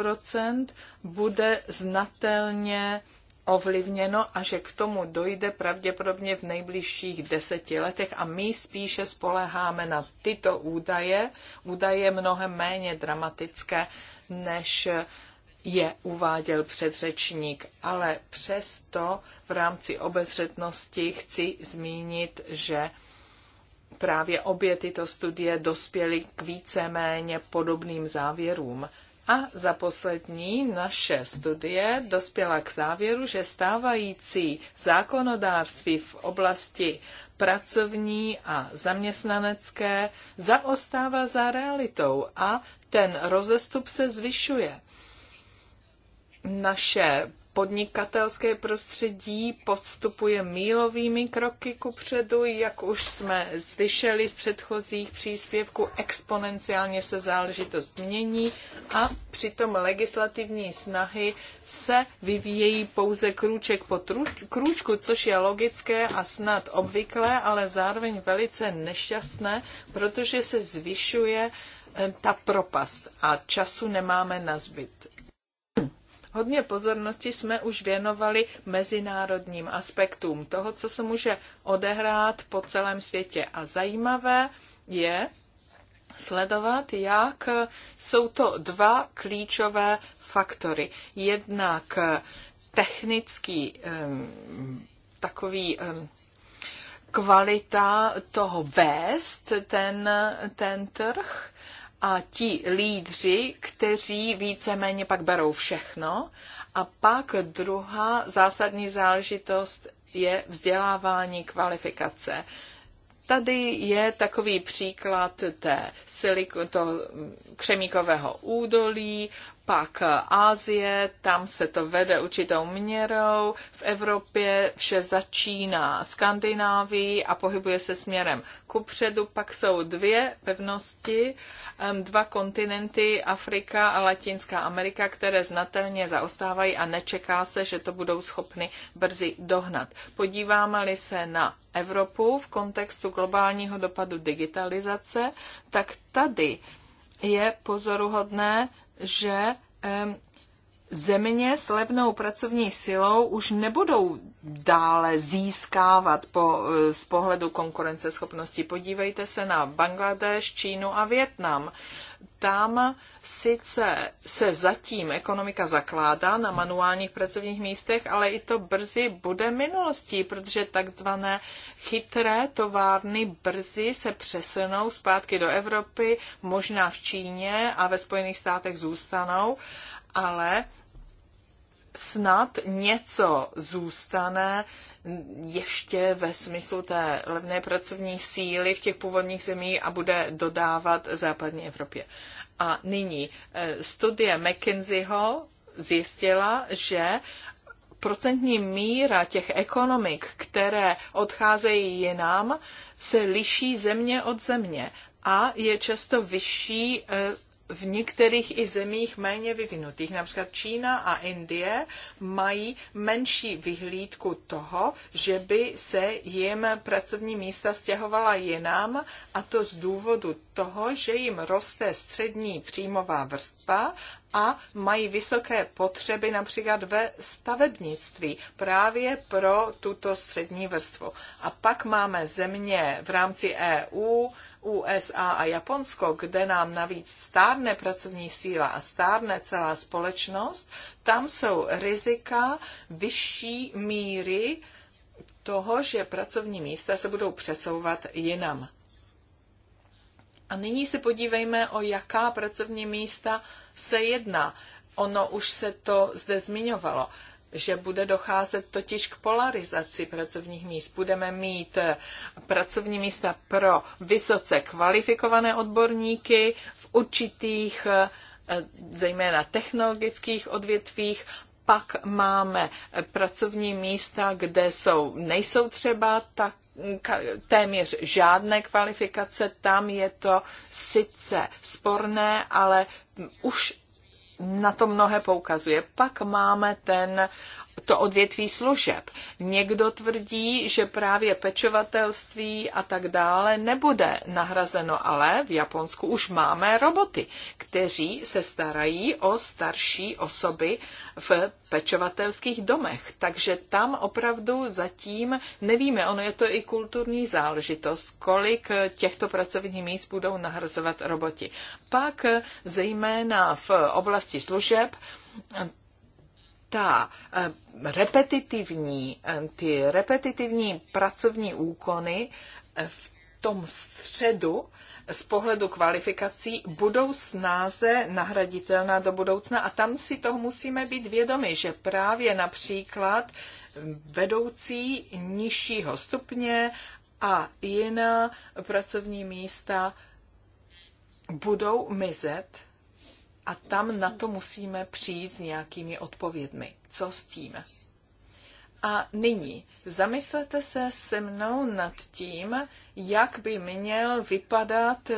bude znatelně ovlivněno a že k tomu dojde pravděpodobně v nejbližších deseti letech a my spíše spoleháme na tyto údaje, údaje mnohem méně dramatické než je uváděl předřečník, ale přesto v rámci obezřetnosti chci zmínit, že právě obě tyto studie dospěly k víceméně podobným závěrům. A za poslední naše studie dospěla k závěru, že stávající zákonodárství v oblasti pracovní a zaměstnanecké zaostává za realitou a ten rozestup se zvyšuje naše podnikatelské prostředí podstupuje mílovými kroky ku předu, jak už jsme slyšeli z předchozích příspěvků, exponenciálně se záležitost mění a přitom legislativní snahy se vyvíjejí pouze krůček po krůčku, což je logické a snad obvyklé, ale zároveň velice nešťastné, protože se zvyšuje eh, ta propast a času nemáme na zbyt. Hodně pozornosti jsme už věnovali mezinárodním aspektům toho, co se může odehrát po celém světě. A zajímavé je sledovat, jak jsou to dva klíčové faktory. Jednak eh, technický takový kvalita toho vést ten, ten trh a ti lídři, kteří víceméně pak berou všechno. A pak druhá zásadní záležitost je vzdělávání kvalifikace. Tady je takový příklad té siliko, to křemíkového údolí, pak Ázie, tam se to vede určitou měrou, v Evropě vše začíná Skandinávii a pohybuje se směrem předu. pak jsou dvě pevnosti, dva kontinenty, Afrika a Latinská Amerika, které znatelně zaostávají a nečeká se, že to budou schopny brzy dohnat. Podíváme-li se na Evropu v kontextu globálního dopadu digitalizace, tak tady je pozoruhodné, že země s levnou pracovní silou už nebudou dále získávat po, eh, z pohledu konkurenceschopnosti. Podívejte se na Bangladeš, Čínu a Větnam. Tam sice se zatím ekonomika zakládá na manuálních pracovních místech, ale i to brzy bude minulostí, protože takzvané chytré továrny brzy se přesunou zpátky do Evropy, možná v Číně a ve Spojených státech zůstanou, ale snad něco zůstane ještě ve smyslu té levné pracovní síly v těch původních zemích a bude dodávat západní Evropě. A nyní eh, studie McKinseyho zjistila, že procentní míra těch ekonomik, které odcházejí jinam, se liší země od země a je často vyšší eh, v některých i zemích méně vyvinutých, například Čína a Indie, mají menší vyhlídku toho, že by se jim pracovní místa stěhovala jinam, a to z důvodu toho, že jim roste střední příjmová vrstva a mají vysoké potřeby například ve stavebnictví právě pro tuto střední vrstvu. A pak máme země v rámci EU, USA a Japonsko, kde nám navíc stárne pracovní síla a stárne celá společnost, tam jsou rizika vyšší míry toho, že pracovní místa se budou přesouvat jinam. A nyní se podívejme, o jaká pracovní místa se jedná. Ono už se to zde zmiňovalo že bude docházet totiž k polarizaci pracovních míst. Budeme mít eh, pracovní místa pro vysoce kvalifikované odborníky v určitých, eh, eh, zejména technologických odvětvích, pak máme pracovní místa, kde jsou, nejsou třeba tak mm, téměř žádné kvalifikace, tam je to sice sporné, ale mm, už na to mnohé poukazuje. Pak máme ten to odvětví služeb. Někdo tvrdí, že právě pečovatelství a tak dále nebude nahrazeno, ale v Japonsku už máme roboty, kteří se starají o starší osoby v pečovatelských domech. Takže tam opravdu zatím nevíme, ono je to i kulturní záležitost, kolik těchto pracovních míst budou nahrazovat roboti. Pak zejména v oblasti služeb ta eh, repetitivní, eh, ty repetitivní pracovní úkony eh, v tom středu z pohledu kvalifikací budou snáze nahraditelná do budoucna a tam si toho musíme být vědomi, že právě například vedoucí nižšího stupně a jiná pracovní místa budou mizet a tam na to musíme přijít s nějakými odpovědmi. Co s tím? A nyní zamyslete se se mnou nad tím, jak by měl vypadat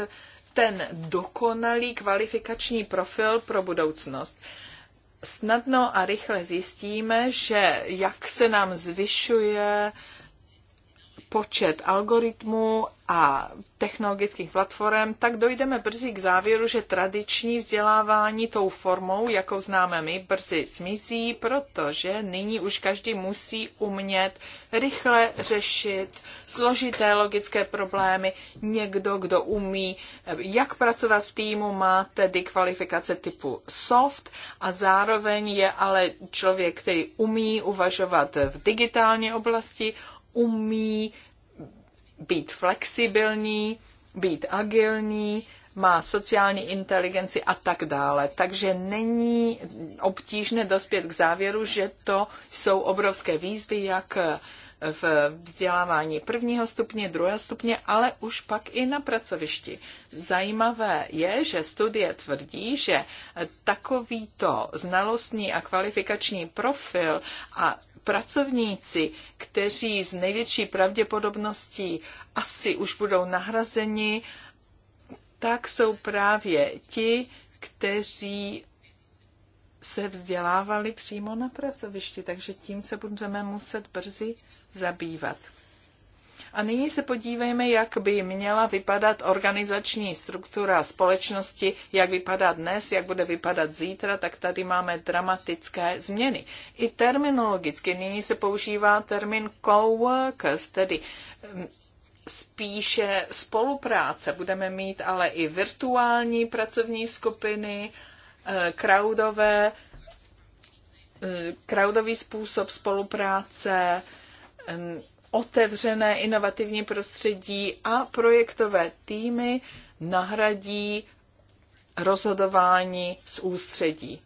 ten dokonalý kvalifikační profil pro budoucnost. Snadno a rychle zjistíme, že jak se nám zvyšuje počet algoritmů a technologických platform, tak dojdeme brzy k závěru, že tradiční vzdělávání tou formou, jakou známe my, brzy zmizí, protože nyní už každý musí umět rychle řešit složité logické problémy. Někdo, kdo umí, jak pracovat v týmu, má tedy kvalifikace typu soft a zároveň je ale člověk, který umí uvažovat v digitální oblasti, umí být flexibilní, být agilní, má sociální inteligenci a tak dále. Takže není obtížné dospět k závěru, že to jsou obrovské výzvy, jak v vzdělávání prvního stupně, druhého stupně, ale už pak i na pracovišti. Zajímavé je, že studie tvrdí, že takovýto znalostní a kvalifikační profil a pracovníci, kteří z největší pravděpodobností asi už budou nahrazeni, tak jsou právě ti, kteří se vzdělávali přímo na pracovišti, takže tím se budeme muset brzy zabývat. A nyní se podívejme, jak by měla vypadat organizační struktura společnosti, jak vypadá dnes, jak bude vypadat zítra, tak tady máme dramatické změny. I terminologicky nyní se používá termín co-workers, tedy mm, spíše spolupráce. Budeme mít ale i virtuální pracovní skupiny, eh, crowdové, eh, crowdový způsob spolupráce, mm, otevřené inovativní prostředí a projektové týmy nahradí rozhodování z ústředí.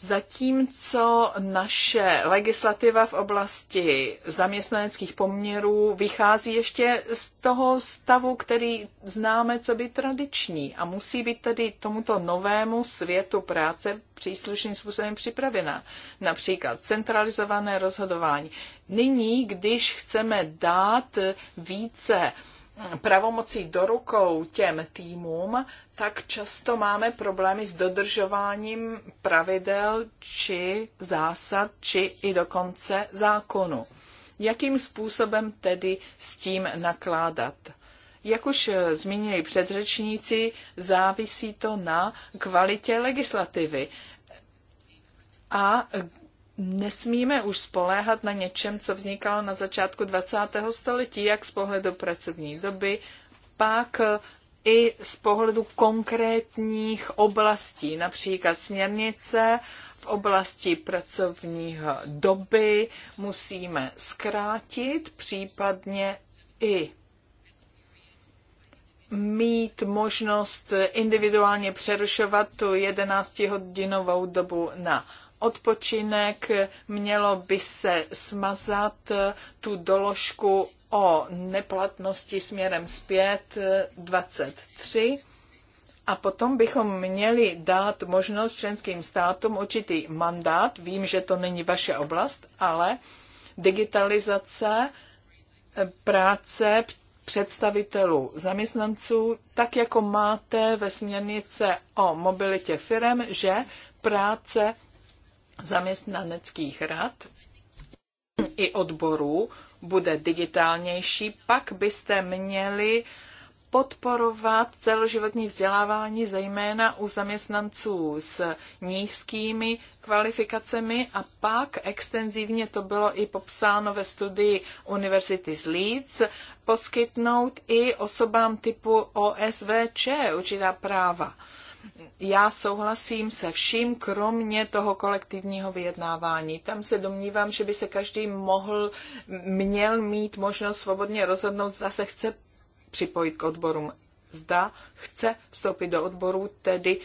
Zatímco naše legislativa v oblasti zaměstnaneckých poměrů vychází ještě z toho stavu, který známe co by tradiční a musí být tedy tomuto novému světu práce příslušným způsobem připravena. Například centralizované rozhodování. Nyní, když chceme dát více pravomocí do rukou těm týmům, tak často máme problémy s dodržováním pravidel či zásad, či i dokonce zákonu. Jakým způsobem tedy s tím nakládat? Jak už zmínili předřečníci, závisí to na kvalitě legislativy a nesmíme už spoléhat na něčem, co vznikalo na začátku 20. století, jak z pohledu pracovní doby, pak i z pohledu konkrétních oblastí, například směrnice v oblasti pracovní doby musíme zkrátit, případně i mít možnost individuálně přerušovat tu 11-hodinovou dobu na odpočinek, mělo by se smazat tu doložku o neplatnosti směrem zpět 23. Eh, A potom bychom měli dát možnost členským státům určitý mandát. Vím, že to není vaše oblast, ale digitalizace eh, práce představitelů zaměstnanců, tak jako máte ve směrnice o mobilitě firem, že práce zaměstnaneckých rad i odborů bude digitálnější, pak byste měli podporovat celoživotní vzdělávání, zejména u zaměstnanců s nízkými kvalifikacemi a pak extenzivně to bylo i popsáno ve studii Univerzity z Leeds, poskytnout i osobám typu OSVČ určitá práva já souhlasím se vším, kromě toho kolektivního vyjednávání. Tam se domnívám, že by se každý mohl, měl mít možnost svobodně rozhodnout, zda se chce připojit k odborům. Zda chce vstoupit do odboru, tedy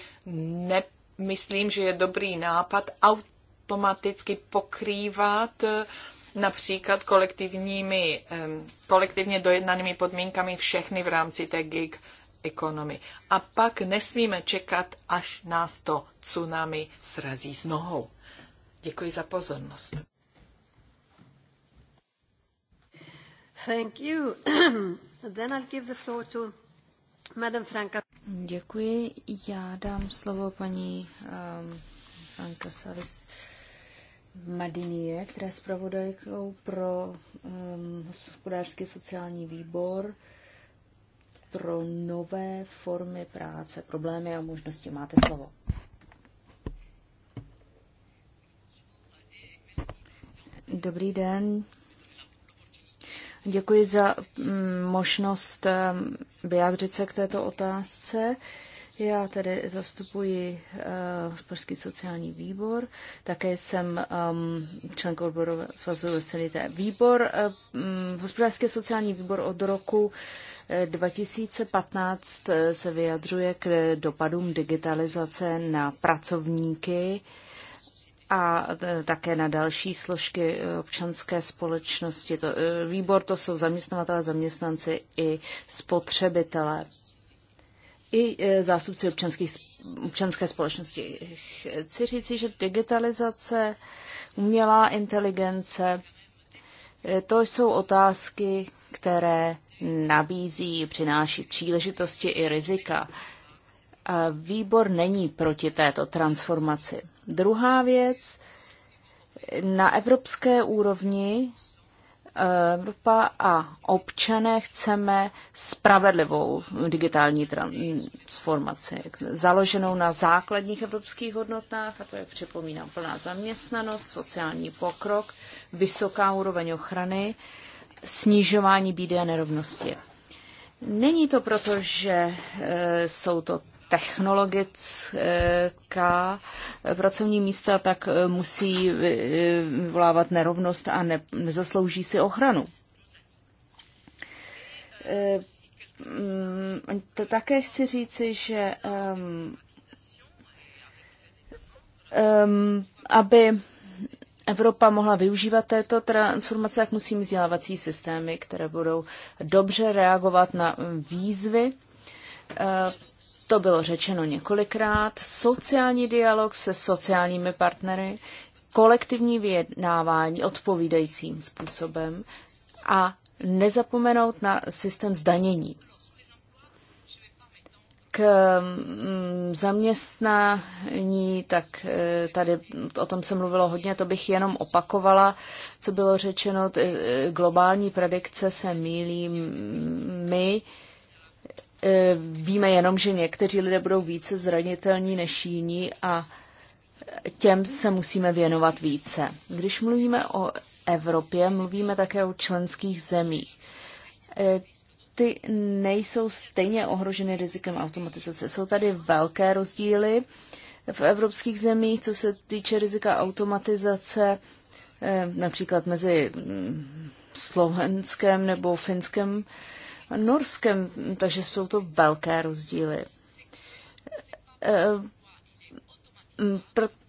nemyslím, že je dobrý nápad automaticky pokrývat eh, například kolektivními, kolektivně dojednanými podmínkami všechny v rámci té gig ekonomii. A pak nesmíme čekat, až nás to tsunami srazí s nohou. Děkuji za pozornost. Thank you. [clears throat] Then I'll give the floor to Madam Franca. Děkuji. Já dám slovo paní um, Franka Salis Madinie, která je zpravodajkou pro um, hospodářský sociální výbor pro nové formy práce, problémy a možnosti. Máte slovo. Dobrý den. Děkuji za mm, možnost mm, vyjádřit se k této otázce. Uh, já tedy zastupuji eh, hospodářský sociální výbor, také jsem um, členkou odboru svazu Veselité. Výbor, um, hospodářský sociální výbor od roku 2015 eh, se vyjadřuje k dopadům digitalizace na pracovníky a také na další složky občanské společnosti. To, výbor to jsou zaměstnavatele, zaměstnanci i spotřebitelé i e, zástupci občanských, občanské společnosti. Chci říci, že digitalizace, umělá inteligence, e, to jsou otázky, které nabízí, přináší příležitosti i rizika. A výbor není proti této transformaci. Druhá věc, na evropské úrovni Evropa a občané chceme spravedlivou digitální transformaci, založenou na základních evropských hodnotách, a to je připomínám plná zaměstnanost, sociální pokrok, vysoká úroveň ochrany, snižování bídy a nerovnosti. Není to proto, že e, jsou to technologická pracovní místa, tak eh, musí eh, vyvolávat nerovnost a ne, nezaslouží si ochranu. Eh, mm, také chci říci, že um, aby Evropa mohla využívat této transformace, tak musí mít vzdělávací systémy, které budou dobře reagovat na mm, výzvy to bylo řečeno několikrát, sociální dialog se sociálními partnery, kolektivní vyjednávání odpovídajícím způsobem a nezapomenout na systém zdanění. K mm, zaměstnání, tak e, tady o tom se mluvilo hodně, to bych jenom opakovala, co bylo řečeno, e, globální predikce se mílí my, E, víme jenom, že někteří lidé budou více zranitelní než jiní a těm se musíme věnovat více. Když mluvíme o Evropě, mluvíme také o členských zemích. E, ty nejsou stejně ohroženy rizikem automatizace. Jsou tady velké rozdíly v evropských zemích, co se týče rizika automatizace, e, například mezi mm, Slovenskem nebo Finskem Norskem, takže jsou to velké rozdíly. E,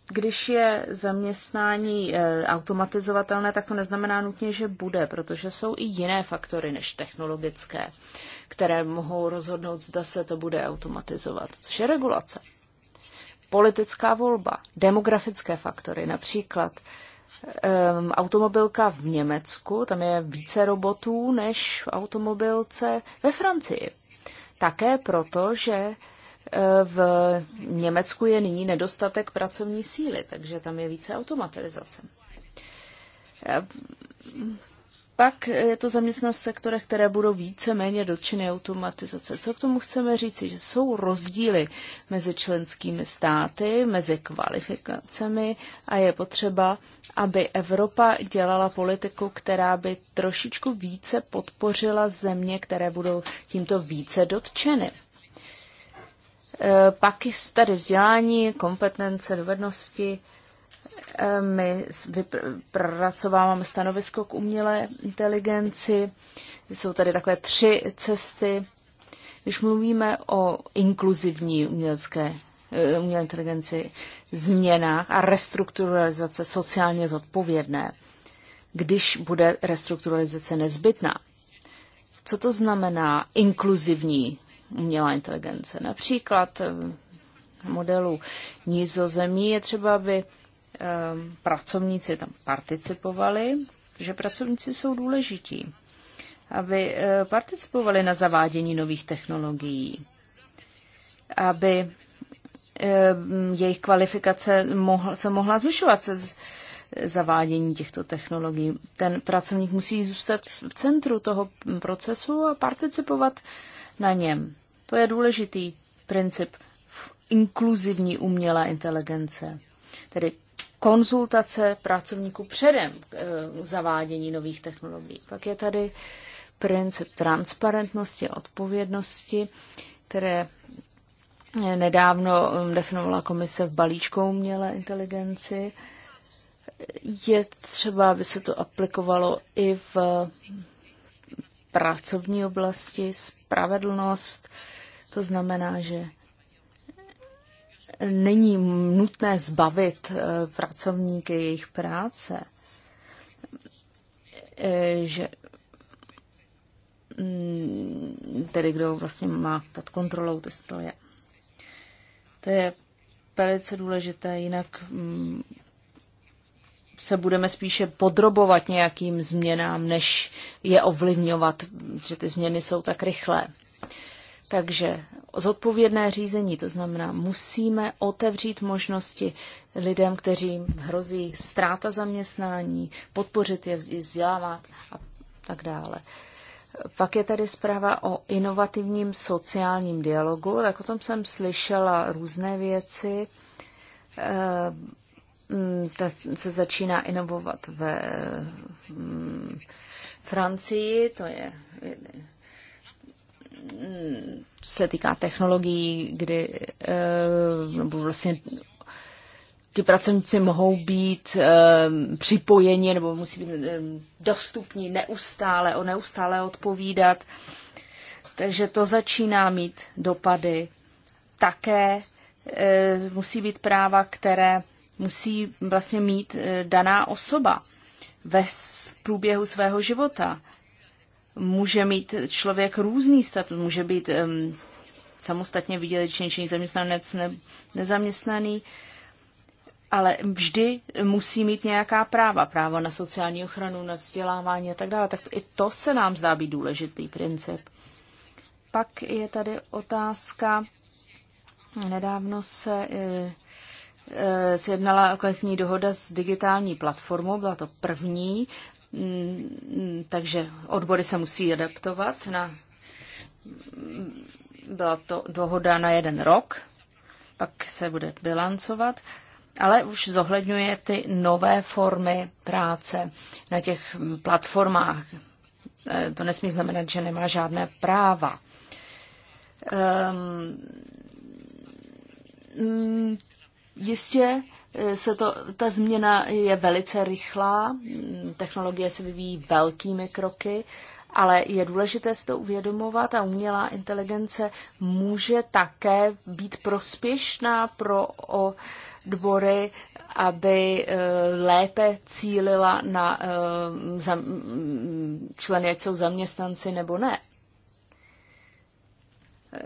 když je zaměstnání e, automatizovatelné, tak to neznamená nutně, že bude, protože jsou i jiné faktory než technologické, které mohou rozhodnout, zda se to bude automatizovat, což je regulace politická volba, demografické faktory, například um, automobilka v Německu, tam je více robotů než v automobilce ve Francii. Také proto, že eh, v Německu je nyní nedostatek pracovní síly, takže tam je více automatizace. Pak eh, je to zaměstnanost v sektorech, které budou více méně dotčeny automatizace. Co k tomu chceme říci? Že jsou rozdíly mezi členskými státy, mezi kvalifikacemi a je potřeba, aby Evropa dělala politiku, která by trošičku více podpořila země, které budou tímto více dotčeny. Eh, pak tady vzdělání, kompetence, dovednosti my vypracováváme stanovisko k umělé inteligenci. Jsou tady takové tři cesty. Když mluvíme o inkluzivní umělecké eh, umělé inteligenci, změnách a restrukturalizace sociálně zodpovědné, když bude restrukturalizace nezbytná. Co to znamená inkluzivní umělá inteligence? Například eh, modelu nízozemí je třeba, aby Ehm, pracovníci tam participovali, že pracovníci jsou důležití, aby eh, participovali na zavádění nových technologií, aby ehm, jejich kvalifikace se mohla zvyšovat se zavádění těchto technologií. Ten pracovník musí zůstat v centru toho procesu a participovat na něm. To je důležitý princip inkluzivní umělé inteligence. Tedy konzultace pracovníků předem k e, zavádění nových technologií. Pak je tady princip transparentnosti, odpovědnosti, které e, nedávno mm, definovala komise v balíčku umělé inteligenci. Je třeba, aby se to aplikovalo i v pracovní oblasti, spravedlnost. To znamená, že není nutné zbavit eh, pracovníky jejich práce, eh, že mm, tedy kdo vlastně má pod kontrolou ty stroje. To je velice důležité, jinak mm, se budeme spíše podrobovat nějakým změnám, než je ovlivňovat, že ty změny jsou tak rychlé. Takže zodpovědné řízení, to znamená, musíme otevřít možnosti lidem, kteří hrozí ztráta zaměstnání, podpořit je, vzdělávat a tak dále. Pak je tady zpráva o inovativním sociálním dialogu, tak o tom jsem slyšela různé věci. Eh, ta se začíná inovovat ve mm, Francii, to je Mm, se týká technologií, kdy eh, nebo vlastně ty pracovníci mohou být eh, připojeni nebo musí být eh, dostupní neustále, o neustále odpovídat. Takže to začíná mít dopady. Také musí být práva, které musí vlastně mít daná osoba ve průběhu svého života může mít člověk různý status, může být um, samostatně či zaměstnanec, ne, nezaměstnaný, ale vždy musí mít nějaká práva, právo na sociální ochranu, na vzdělávání a tak dále. Tak to, i to se nám zdá být důležitý princip. Pak je tady otázka, nedávno se e, e sjednala kolektivní dohoda s digitální platformou, byla to první Mm, takže odbory se musí adaptovat na byla to dohoda na jeden rok, pak se bude bilancovat, ale už zohledňuje ty nové formy práce na těch platformách. E, to nesmí znamenat, že nemá žádné práva. Um, jistě se to, ta změna je velice rychlá, mm, technologie se vyvíjí velkými kroky, ale je důležité si to uvědomovat a umělá inteligence může také být prospěšná pro odbory, aby e, lépe cílila na e, členy, ať jsou zaměstnanci nebo ne. E,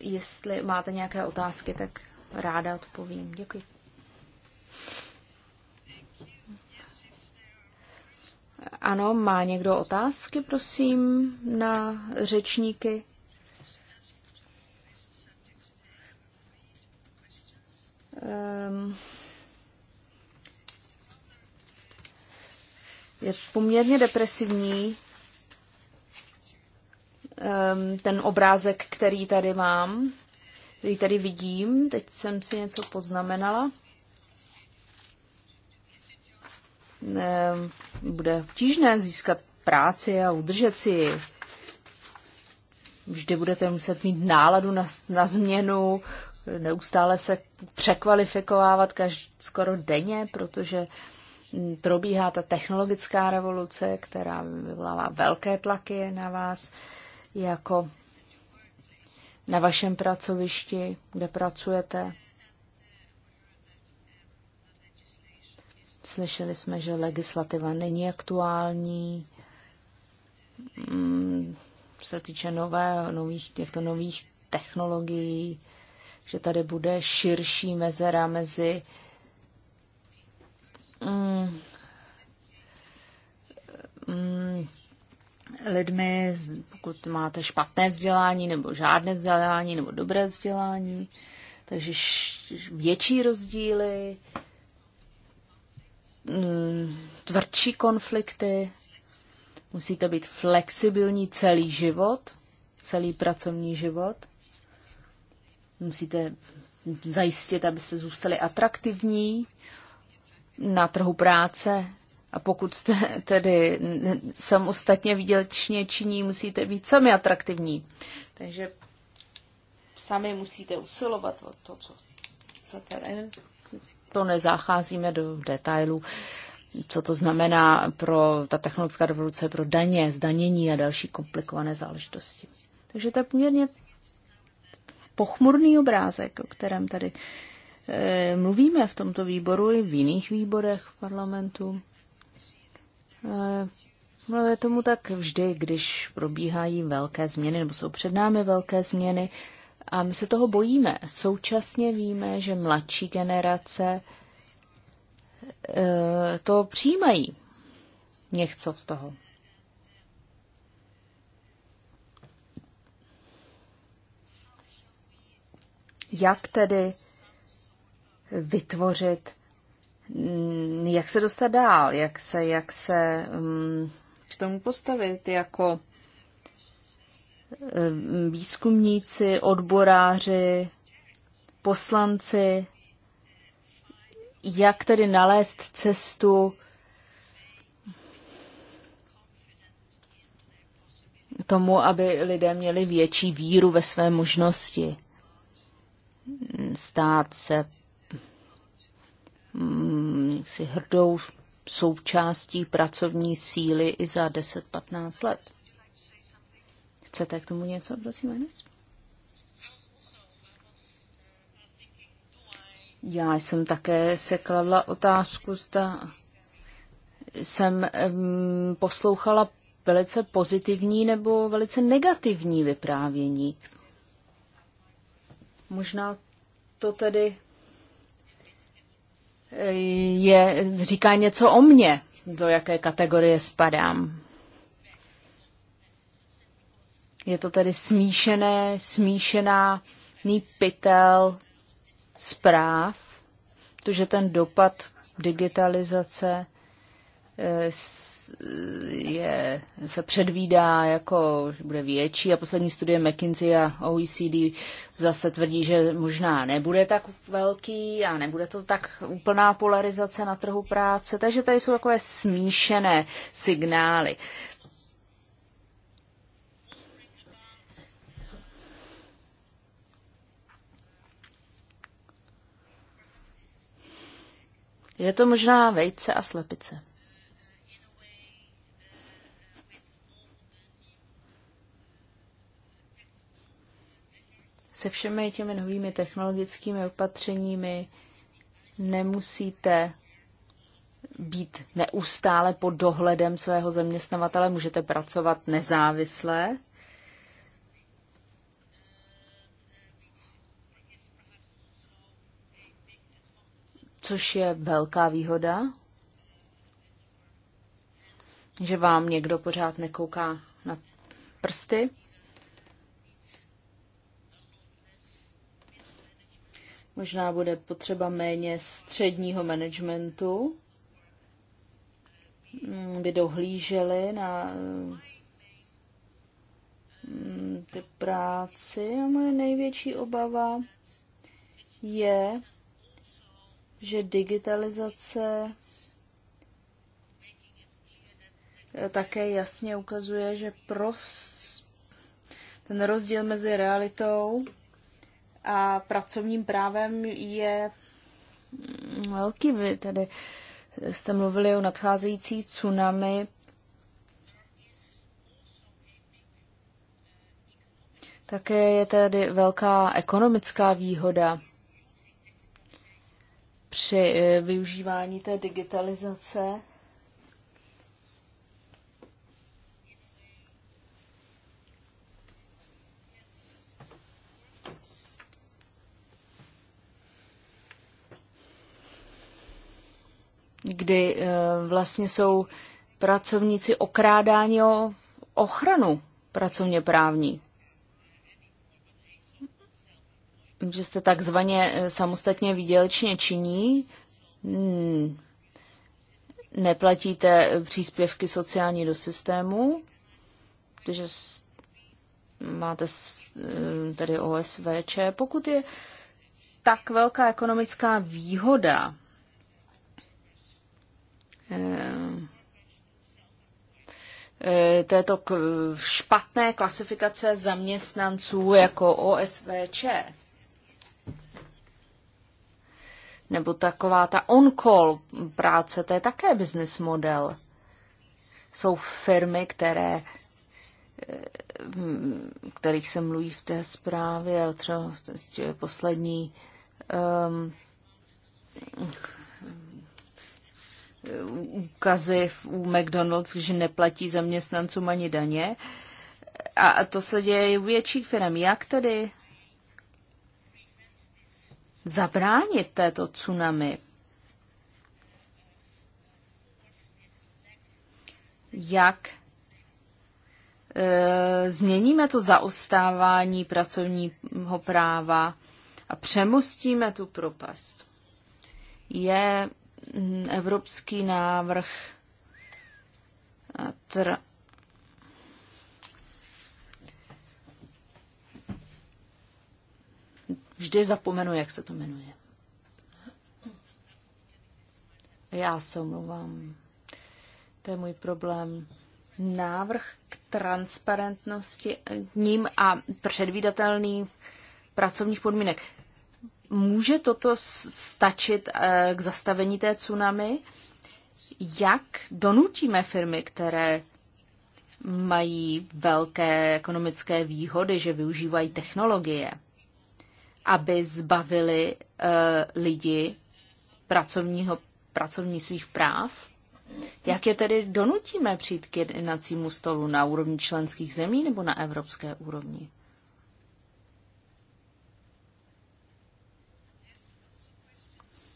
jestli máte nějaké otázky, tak ráda odpovím. Děkuji. Ano, má někdo otázky, prosím, na řečníky? Um, je poměrně depresivní um, ten obrázek, který tady mám, který tady vidím. Teď jsem si něco poznamenala. Ehm, bude obtížné získat práci a udržet si ji. Vždy budete muset mít náladu na, na změnu, neustále se překvalifikovávat každý, skoro denně, protože probíhá ta technologická revoluce, která vyvolává velké tlaky na vás, jako na vašem pracovišti, kde pracujete. Slyšeli jsme, že legislativa není aktuální, mm, se týče nové, nových, těchto nových technologií, že tady bude širší mezera mezi mm, mm, lidmi, pokud máte špatné vzdělání nebo žádné vzdělání nebo dobré vzdělání, takže větší rozdíly Mm, tvrdší konflikty, musíte být flexibilní celý život, celý pracovní život. Musíte zajistit, abyste zůstali atraktivní na trhu práce. A pokud jste [laughs] tedy samostatně výdělečně činí, musíte být sami atraktivní. Takže sami musíte usilovat o to, co chcete to nezacházíme do detailů, co to znamená pro ta technologická revoluce, pro daně, zdanění a další komplikované záležitosti. Takže to je poměrně pochmurný obrázek, o kterém tady e, mluvíme v tomto výboru i v jiných výborech parlamentu. E, no je tomu tak vždy, když probíhají velké změny, nebo jsou před námi velké změny, e, a my se toho bojíme. Současně víme, že mladší generace e, to přijímají. Něco z toho. Jak tedy vytvořit, jak se dostat dál, jak se, jak se um, k tomu postavit jako Eh, výzkumníci, odboráři, poslanci, jak tedy nalézt cestu tomu, aby lidé měli větší víru ve své možnosti stát se mm, si hrdou součástí pracovní síly i za 10-15 let. Chcete k tomu něco, prosím, Anis? Já jsem také se kladla otázku, zda jsem um, poslouchala velice pozitivní nebo velice negativní vyprávění. Možná to tedy eh, je, říká něco o mně, do jaké kategorie spadám. Je to tedy smíšené, smíšená pytel zpráv, protože ten dopad digitalizace eh, je, se předvídá jako bude větší a poslední studie McKinsey a OECD zase tvrdí, že možná nebude tak velký a nebude to tak úplná polarizace na trhu práce, takže tady jsou takové smíšené signály. Je to možná vejce a slepice. Se všemi těmi novými technologickými opatřeními nemusíte být neustále pod dohledem svého zaměstnavatele, můžete pracovat nezávisle což je velká výhoda, že vám někdo pořád nekouká na prsty. Možná bude potřeba méně středního managementu, mm, by dohlíželi na mm, ty práci a moje největší obava je, že digitalizace také jasně ukazuje, že pro ten rozdíl mezi realitou a pracovním právem je mm, velký. Vy tedy jste mluvili o nadcházející tsunami. Také je tady velká ekonomická výhoda při eh, využívání té digitalizace. kdy eh, vlastně jsou pracovníci okrádáni o ochranu pracovně právní. že jste takzvaně eh, samostatně výdělečně činí, hmm. neplatíte eh, příspěvky sociální do systému, protože máte eh, tedy OSVČ. Pokud je tak velká ekonomická výhoda, této špatné klasifikace zaměstnanců jako OSVČ, nebo taková ta on-call práce, to je také business model. Jsou firmy, které eh, kterých se mluví v té zprávě, třeba poslední um, ehm, ukazy eh, u McDonald's, že neplatí zaměstnancům ani daně. A to se děje u větších firm. Jak tedy zabránit této tsunami. Jak e, změníme to zaostávání pracovního práva a přemostíme tu propast. Je mm, evropský návrh Vždy zapomenu, jak se to jmenuje. Já se omlouvám. To je můj problém. Návrh k transparentnosti ním a předvídatelný pracovních podmínek. Může toto stačit eh, k zastavení té tsunami? Jak donutíme firmy, které mají velké ekonomické výhody, že využívají technologie? aby zbavili uh, lidi pracovního, pracovní svých práv? Jak je tedy donutíme přijít k jednacímu stolu na úrovni členských zemí nebo na evropské úrovni?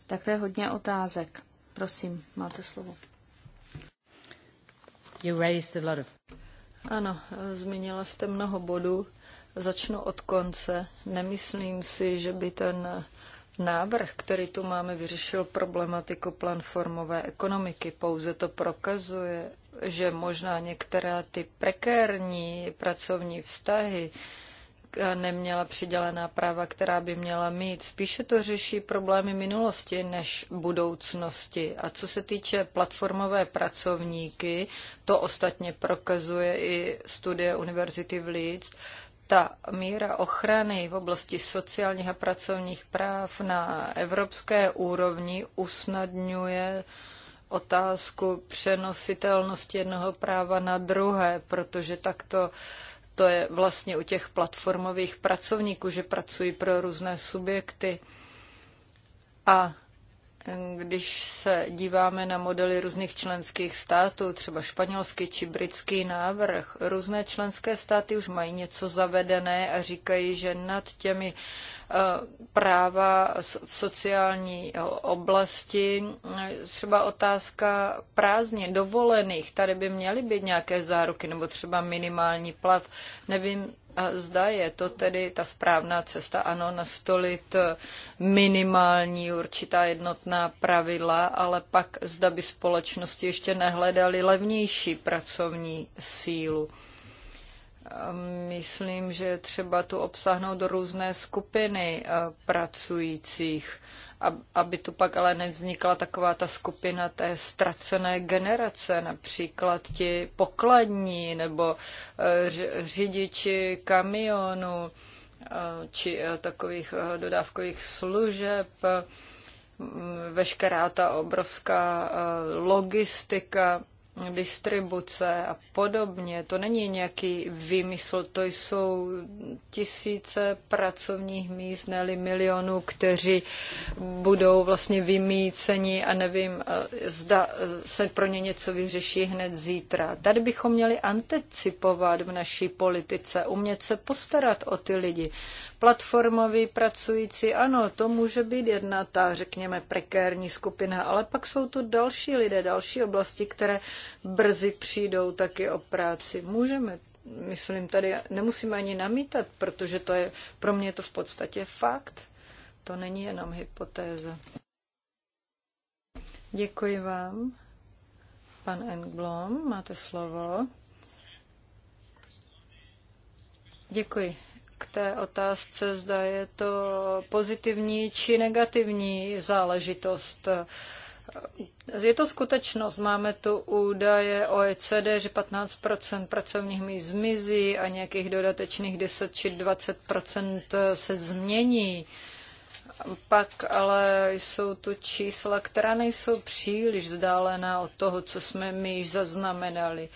Tak to je hodně otázek. Prosím, máte slovo. You raised a lot of... Ano, eh, zmínila jste mnoho bodů Začnu od konce. Nemyslím si, že by ten návrh, který tu máme, vyřešil problematiku platformové ekonomiky. Pouze to prokazuje, že možná některé ty prekérní pracovní vztahy neměla přidělená práva, která by měla mít. Spíše to řeší problémy minulosti než budoucnosti. A co se týče platformové pracovníky, to ostatně prokazuje i studie Univerzity v Leeds, ta míra ochrany v oblasti sociálních a pracovních práv na evropské úrovni usnadňuje otázku přenositelnosti jednoho práva na druhé, protože takto to je vlastně u těch platformových pracovníků, že pracují pro různé subjekty. A když se díváme na modely různých členských států, třeba španělský či britský návrh, různé členské státy už mají něco zavedené a říkají, že nad těmi eh, práva v sociální eh, oblasti, eh, třeba otázka prázdně dovolených, tady by měly být nějaké záruky nebo třeba minimální plav. Nevím, a zda je to tedy ta správná cesta, ano, nastolit minimální určitá jednotná pravidla, ale pak zda by společnosti ještě nehledali levnější pracovní sílu. Myslím, že třeba tu obsáhnout různé skupiny pracujících aby tu pak ale nevznikla taková ta skupina té ztracené generace, například ti pokladní nebo eh, řidiči kamionů eh, či eh, takových dodávkových služeb, mm, veškerá ta obrovská logistika distribuce a podobně. To není nějaký výmysl, to jsou tisíce pracovních míst, ne milionů, kteří budou vlastně vymíceni a nevím, eh, zda eh, se pro ně něco vyřeší hned zítra. Tady bychom měli anticipovat v naší politice, umět se postarat o ty lidi. Platformoví pracující, ano, to může být jedna ta, řekněme, prekérní skupina, ale pak jsou tu další lidé, další oblasti, které brzy přijdou taky o práci. Můžeme myslím, tady nemusíme ani namítat, protože to je, pro mě je to v podstatě fakt. To není jenom hypotéza. Děkuji vám. Pan Engblom, máte slovo. Děkuji k té otázce, zda je to pozitivní či negativní záležitost. Je to skutečnost. Máme tu údaje OECD, že 15 pracovních míst zmizí a nějakých dodatečných 10 či 20 se změní. Pak ale jsou tu čísla, která nejsou příliš vzdálená od toho, co jsme my již zaznamenali.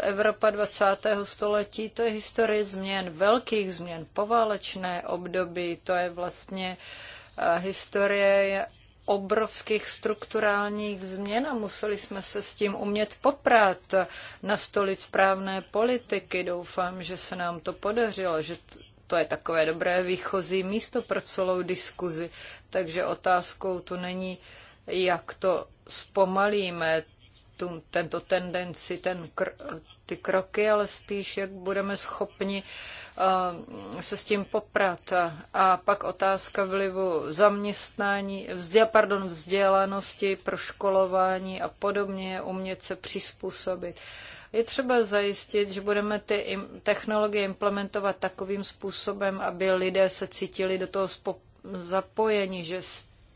Evropa 20. století, to je historie změn, velkých změn, poválečné období, to je vlastně eh, historie obrovských strukturálních změn a museli jsme se s tím umět poprat, nastolit správné politiky. Doufám, že se nám to podařilo, že to je takové dobré výchozí místo pro celou diskuzi. Takže otázkou tu není, jak to zpomalíme tu, tento tendenci, ten kr- ty kroky, ale spíš, jak budeme schopni uh, se s tím poprat. A pak otázka vlivu zaměstnání, vzděl, pardon, vzdělanosti, proškolování a podobně, umět se přizpůsobit. Je třeba zajistit, že budeme ty technologie implementovat takovým způsobem, aby lidé se cítili do toho zapojení, že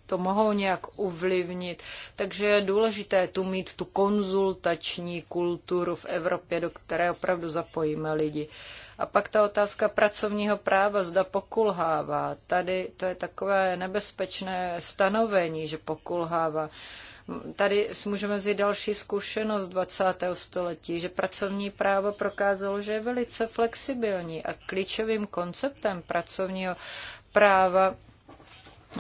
to mohou nějak ovlivnit. Takže je důležité tu mít tu konzultační kulturu v Evropě, do které opravdu zapojíme lidi. A pak ta otázka pracovního práva, zda pokulhává. Tady to je takové nebezpečné stanovení, že pokulhává. Tady můžeme vzít další zkušenost 20. století, že pracovní právo prokázalo, že je velice flexibilní a klíčovým konceptem pracovního práva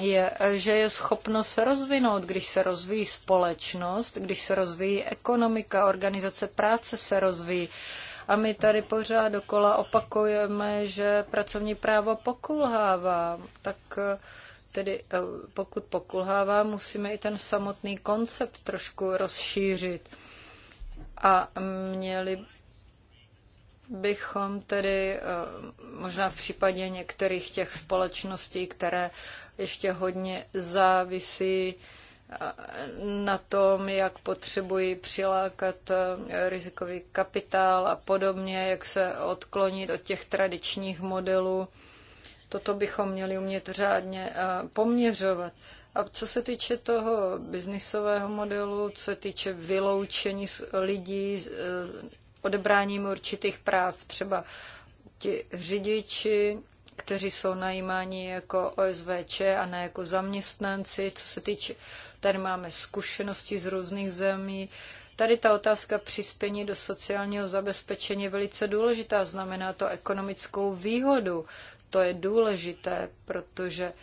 je, že je schopno se rozvinout, když se rozvíjí společnost, když se rozvíjí ekonomika, organizace práce se rozvíjí. A my tady pořád dokola opakujeme, že pracovní právo pokulhává. Tak eh, tedy eh, pokud pokulhává, musíme i ten samotný koncept trošku rozšířit. A měli bychom tedy eh, možná v případě některých těch společností, které ještě hodně závisí eh, na tom, jak potřebují přilákat eh, rizikový kapitál a podobně, jak se odklonit od těch tradičních modelů. Toto bychom měli umět řádně poměřovat. A co se týče toho biznisového modelu, co se týče vyloučení lidí odebráním určitých práv. Třeba ti řidiči, kteří jsou najímáni jako OSVČ a ne jako zaměstnanci, co se týče, tady máme zkušenosti z různých zemí, Tady ta otázka přispění do sociálního zabezpečení je velice důležitá, znamená to ekonomickou výhodu. To je důležité, protože uh,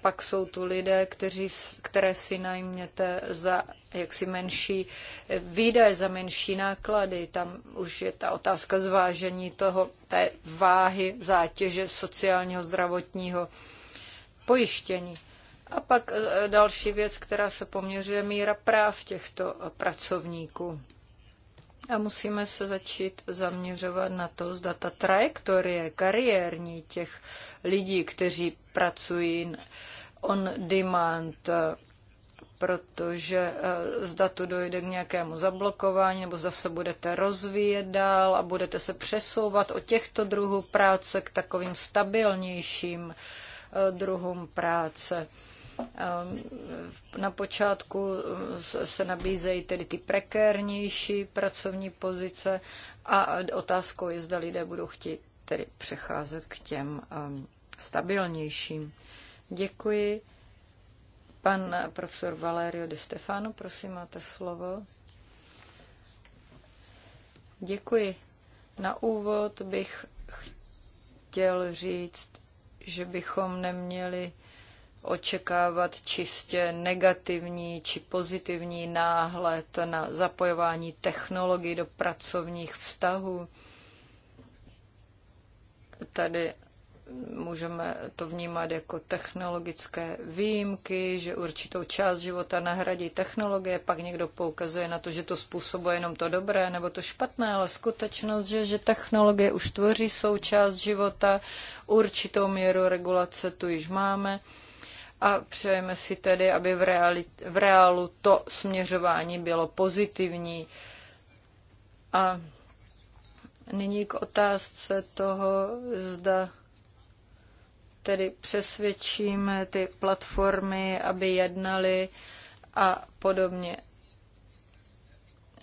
pak jsou tu lidé, kteří, které si najměte za jaksi menší eh, výdaje, za menší náklady. Tam už je ta otázka zvážení toho, té váhy zátěže sociálního, zdravotního pojištění. A pak eh, další věc, která se poměřuje míra práv těchto eh, pracovníků. A musíme se začít zaměřovat na to, zda ta trajektorie kariérní těch lidí, kteří pracují on demand, protože eh, zda tu dojde k nějakému zablokování, nebo zda se budete rozvíjet dál a budete se přesouvat od těchto druhů práce k takovým stabilnějším eh, druhům práce. Ehm, na počátku ehm, se nabízejí tedy ty prekérnější pracovní pozice a otázkou je, zda lidé budou chtít tedy přecházet k těm ehm, stabilnějším. Děkuji. Pan profesor Valerio de Stefano, prosím, máte slovo. Děkuji. Na úvod bych chtěl říct, že bychom neměli očekávat čistě negativní či pozitivní náhled na zapojování technologií do pracovních vztahů. Tady můžeme to vnímat jako technologické výjimky, že určitou část života nahradí technologie, pak někdo poukazuje na to, že to způsobuje jenom to dobré nebo to špatné, ale skutečnost, že, že technologie už tvoří součást života, určitou míru regulace tu již máme a přejeme si tedy, aby v, reali, v reálu to směřování bylo pozitivní. A nyní k otázce toho, zda tedy přesvědčíme ty platformy, aby jednali a podobně.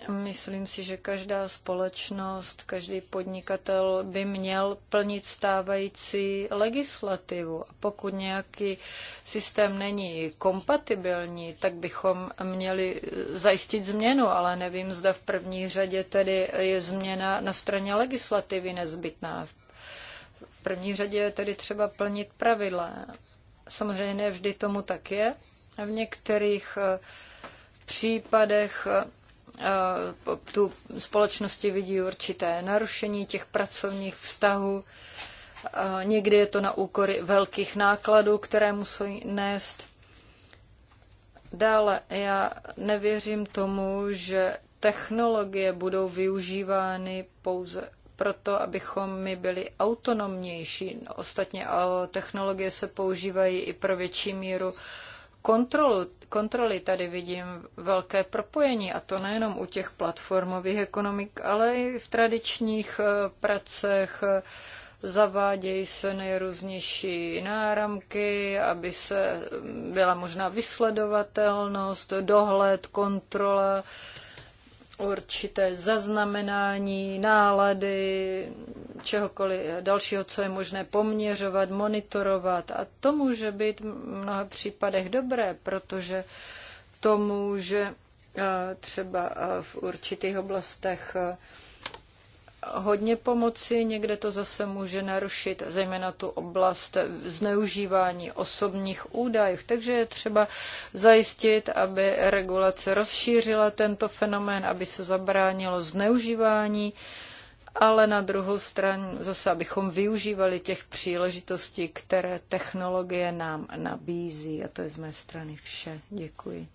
Myslím si, že každá společnost, každý podnikatel by měl plnit stávající legislativu. A pokud nějaký systém není kompatibilní, tak bychom měli zajistit změnu, ale nevím, zda v první řadě tedy je změna na straně legislativy nezbytná. V první řadě je tedy třeba plnit pravidla. Samozřejmě ne vždy tomu tak je. A v některých případech Eh, tu společnosti vidí určité narušení těch pracovních vztahů. Eh, někdy je to na úkor velkých nákladů, které musí nést. Dále, já nevěřím tomu, že technologie budou využívány pouze proto, abychom my byli autonomnější. Ostatně eh, technologie se používají i pro větší míru kontrolu, kontroly tady vidím velké propojení, a to nejenom u těch platformových ekonomik, ale i v tradičních eh, pracech. Eh, zavádějí se nejrůznější náramky, aby se mm, byla možná vysledovatelnost, dohled, kontrola určité zaznamenání, nálady, čehokoliv dalšího, co je možné poměřovat, monitorovat. A to může být v mnoha případech dobré, protože to může eh, třeba eh, v určitých oblastech eh, hodně pomoci, někde to zase může narušit, zejména tu oblast zneužívání osobních údajů. Takže je třeba zajistit, aby regulace rozšířila tento fenomén, aby se zabránilo zneužívání ale na druhou stranu zase, abychom využívali těch příležitostí, které technologie nám nabízí. A to je z mé strany vše. Děkuji.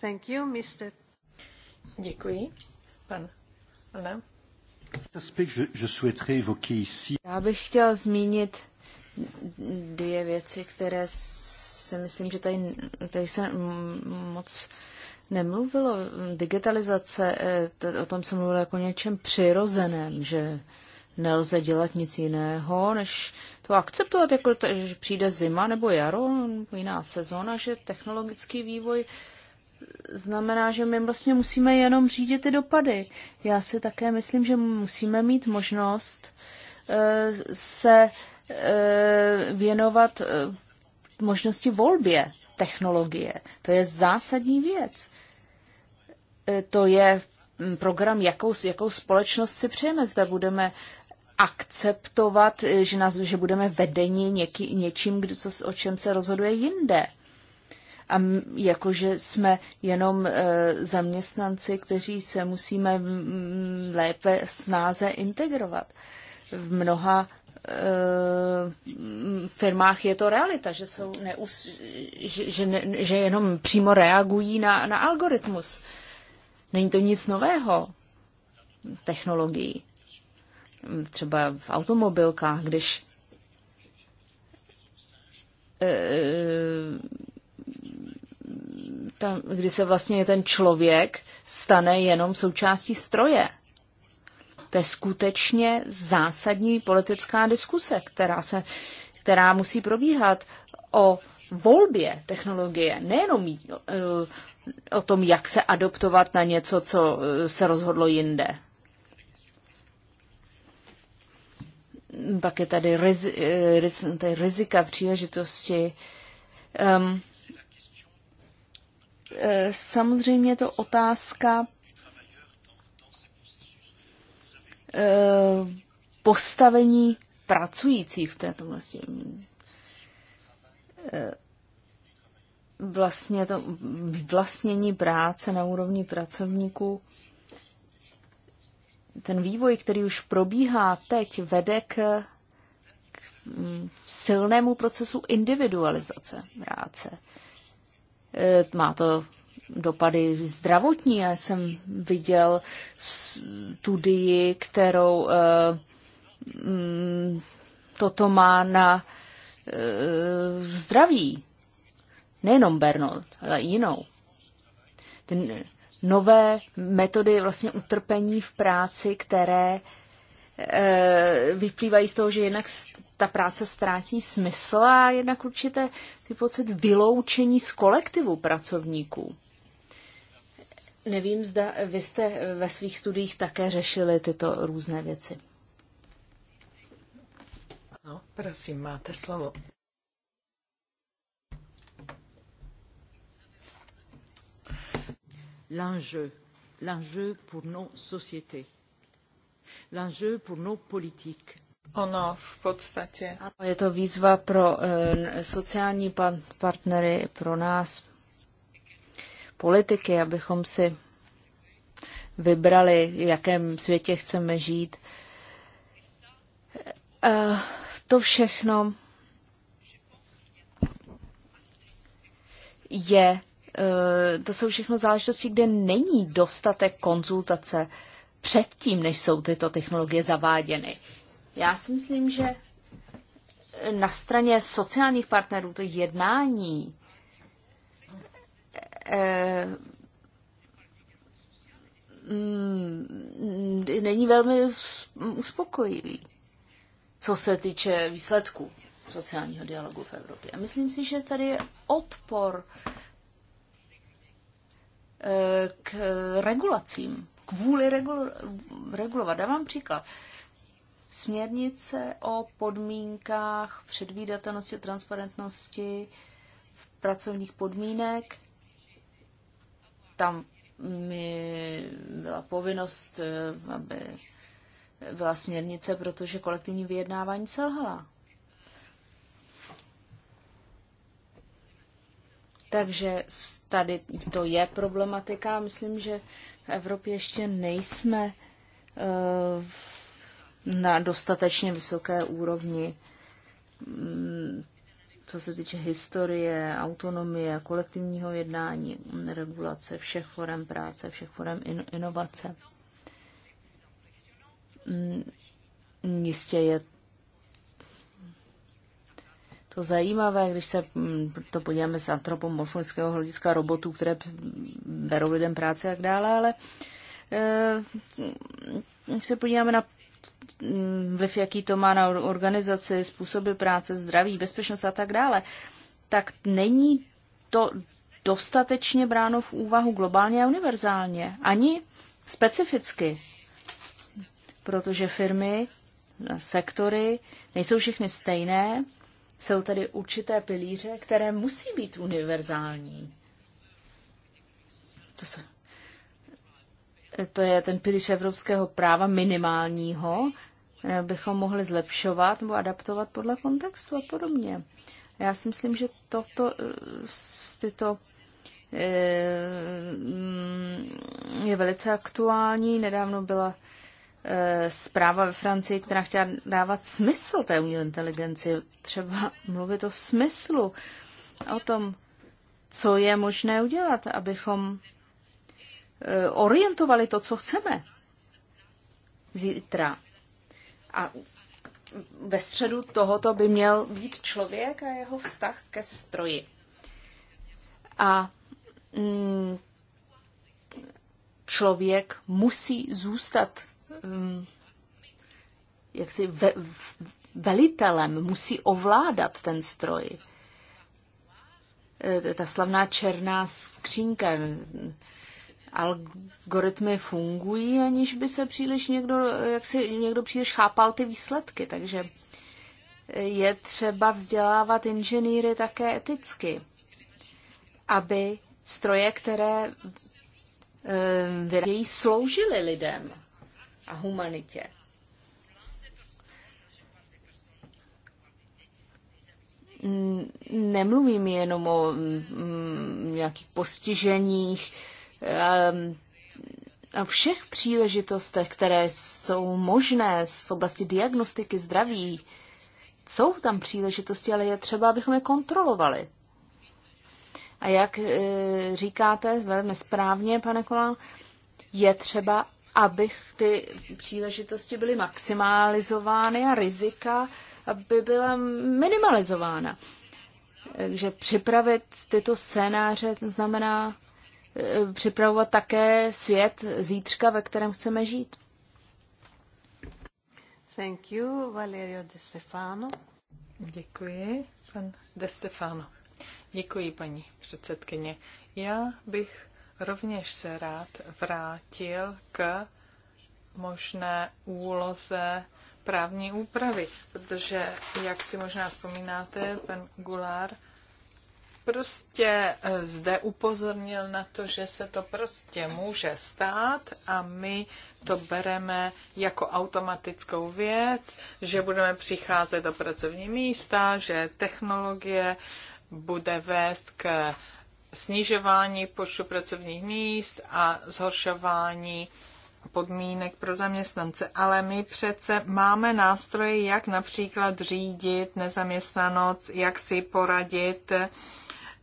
Thank you, Mr. Děkuji. Pan ne? Já bych chtěl zmínit dvě věci, které si myslím, že tady, tady se moc nemluvilo. Digitalizace, eh, o tom se mluvilo jako něčem přirozeném, že nelze dělat nic jiného, než to akceptovat, jako to, že přijde zima nebo jaro nebo jiná sezóna, že technologický vývoj znamená, že my vlastně musíme jenom řídit ty dopady. Já si také myslím, že musíme mít možnost eh, se eh, věnovat eh, možnosti volbě technologie. To je zásadní věc. To je mm, program, jakou, jakou společnost si přejeme. Zda budeme akceptovat, že, nás, že budeme vedeni něký, něčím, kdy, co, o čem se rozhoduje jinde a jakože jsme jenom e, zaměstnanci, kteří se musíme lépe snáze integrovat. V mnoha e, firmách je to realita, že, jsou neus, že, že, že jenom přímo reagují na, na algoritmus. Není to nic nového technologií. Třeba v automobilkách, když e, tam, kdy se vlastně ten člověk stane jenom součástí stroje. To je skutečně zásadní politická diskuse, která, se, která musí probíhat o volbě technologie, nejenom e, o tom, jak se adoptovat na něco, co e, se rozhodlo jinde. Pak je tady, riz, e, riz, tady rizika, příležitosti. Um, Eh, samozřejmě je to otázka eh, postavení pracujících v této oblasti. Eh, vlastně to vlastnění práce na úrovni pracovníků, ten vývoj, který už probíhá teď, vede k mm, silnému procesu individualizace práce. Eh, má to dopady zdravotní. Já jsem viděl studii, kterou eh, mm, toto má na eh, zdraví. Nejenom Bernold, ale i jinou. Ten, nové metody vlastně utrpení v práci, které vyplývají z toho, že jednak ta práce ztrácí smysl a jednak určitě ty pocit vyloučení z kolektivu pracovníků. Nevím, zda vy jste ve svých studiích také řešili tyto různé věci. No, prosím, máte slovo. L'enjeu, l'enjeu pour nos sociétés, l'enjeu pour nos politiques, Ono v podstatě. Je to výzva pro eh, sociální partnery, pro nás, politiky, abychom si vybrali, v jakém světě chceme žít. Eh, to všechno je, eh, to jsou všechno záležitosti, kde není dostatek konzultace předtím, než jsou tyto technologie zaváděny. Já si myslím, že na straně sociálních partnerů to jednání e, eh, m, mm, není velmi uspokojivý, co se týče výsledků sociálního dialogu v Evropě. A myslím si, že tady je odpor eh, k regulacím, vůli regulo- regulovat. Dávám příklad. Směrnice o podmínkách předvídatelnosti, transparentnosti v pracovních podmínek. Tam mi byla povinnost, eh, aby byla směrnice, protože kolektivní vyjednávání selhala. Takže tady to je problematika. Myslím, že v Evropě ještě nejsme eh, v na dostatečně vysoké úrovni, mm, co se týče historie, autonomie, kolektivního jednání, regulace všech forem práce, všech forem in- inovace. Mm, jistě je to zajímavé, když se mm, to podíváme z antropomorfonického hlediska robotů, které berou lidem práci a tak dále, ale eh, když se podíváme na vliv, jaký to má na organizaci, způsoby práce, zdraví, bezpečnost a tak dále, tak není to dostatečně bráno v úvahu globálně a univerzálně, ani specificky, protože firmy, sektory nejsou všechny stejné, jsou tady určité pilíře, které musí být univerzální. To se to je ten pilíř evropského práva minimálního, bychom mohli zlepšovat nebo adaptovat podle kontextu a podobně. Já si myslím, že toto, eh, tyto eh, je velice aktuální. Nedávno byla eh, zpráva ve Francii, která chtěla dávat smysl té umělé inteligenci. Třeba mluvit o smyslu, o tom, co je možné udělat, abychom Eh, orientovali to, co chceme zítra. A ve středu tohoto by měl být člověk a jeho vztah ke stroji. A mm, člověk musí zůstat mm, jaksi ve, velitelem, musí ovládat ten stroj. Eh, ta slavná černá skřínka, algoritmy fungují, aniž by se příliš někdo, jak si někdo příliš chápal ty výsledky. Takže je třeba vzdělávat inženýry také eticky, aby stroje, které eh, vyrábějí, sloužily lidem a humanitě. Nemluvím jenom o mm, nějakých postiženích, Ehm, a všech příležitostech, které jsou možné v oblasti diagnostiky zdraví, jsou tam příležitosti, ale je třeba, abychom je kontrolovali. A jak e, říkáte velmi správně, pane Kolán, je třeba, abych ty příležitosti byly maximalizovány a rizika, aby byla minimalizována. Takže připravit tyto scénáře znamená Eh, připravovat také svět zítřka, ve kterém chceme žít. Thank you, Valerio De Stefano. Děkuji, pan De Stefano. Děkuji, paní předsedkyně. Já bych rovněž se rád vrátil k možné úloze právní úpravy, protože, jak si možná vzpomínáte, pan Gulár prostě eh, zde upozornil na to, že se to prostě může stát a my to bereme jako automatickou věc, že budeme přicházet do pracovní místa, že technologie bude vést k snižování počtu pracovních míst a zhoršování podmínek pro zaměstnance, ale my přece máme nástroje, jak například řídit nezaměstnanost, jak si poradit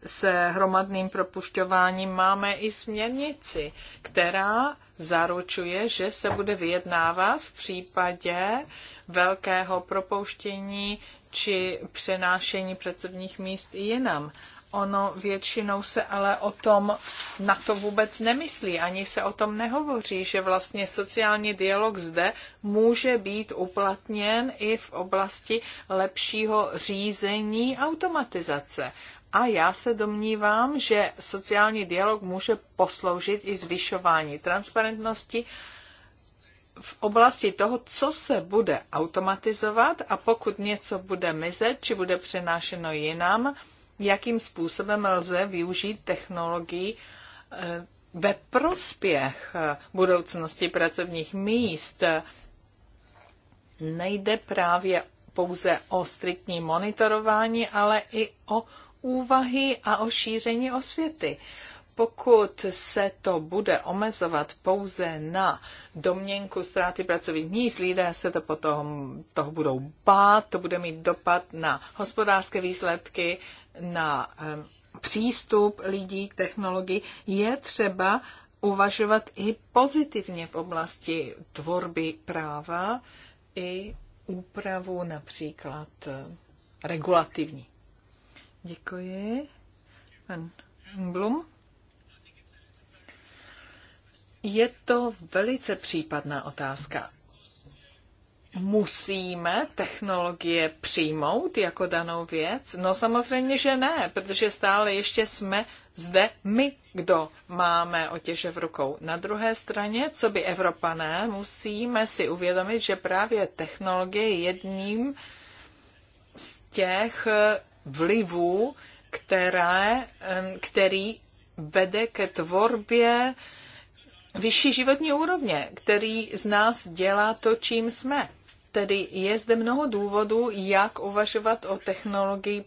s hromadným propušťováním máme i směrnici, která zaručuje, že se bude vyjednávat v případě velkého propouštění či přenášení pracovních míst i jinam. Ono většinou se ale o tom na to vůbec nemyslí, ani se o tom nehovoří, že vlastně sociální dialog zde může být uplatněn i v oblasti lepšího řízení automatizace. A já se domnívám, že sociální dialog může posloužit i zvyšování transparentnosti v oblasti toho, co se bude automatizovat a pokud něco bude mizet či bude přenášeno jinam, jakým způsobem lze využít technologii eh, ve prospěch eh, budoucnosti pracovních míst. Nejde právě pouze o striktní monitorování, ale i o úvahy a o šíření osvěty. Pokud se to bude omezovat pouze na domněnku ztráty pracovních míst, lidé se to potom toho budou bát, to bude mít dopad na hospodářské výsledky, na um, přístup lidí k technologii, je třeba uvažovat i pozitivně v oblasti tvorby práva i úpravu například eh, regulativní. Děkuji. Pan Blum. Je to velice případná otázka. Musíme technologie přijmout jako danou věc? No samozřejmě, že ne, protože stále ještě jsme zde my, kdo máme otěže v rukou. Na druhé straně, co by Evropané, musíme si uvědomit, že právě technologie je jedním z těch vlivu, které, který vede ke tvorbě vyšší životní úrovně, který z nás dělá to, čím jsme. Tedy je zde mnoho důvodů, jak uvažovat o technologii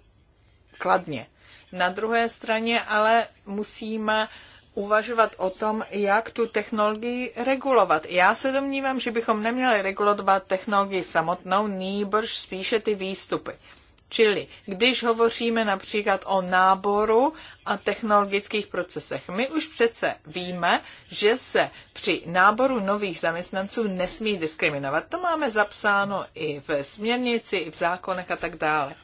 kladně. Na druhé straně ale musíme uvažovat o tom, jak tu technologii regulovat. Já se domnívám, že bychom neměli regulovat technologii samotnou, nýbrž spíše ty výstupy. Čili když hovoříme například o náboru a technologických procesech, my už přece víme, že se při náboru nových zaměstnanců nesmí diskriminovat. To máme zapsáno i v směrnici, i v zákonech a tak dále.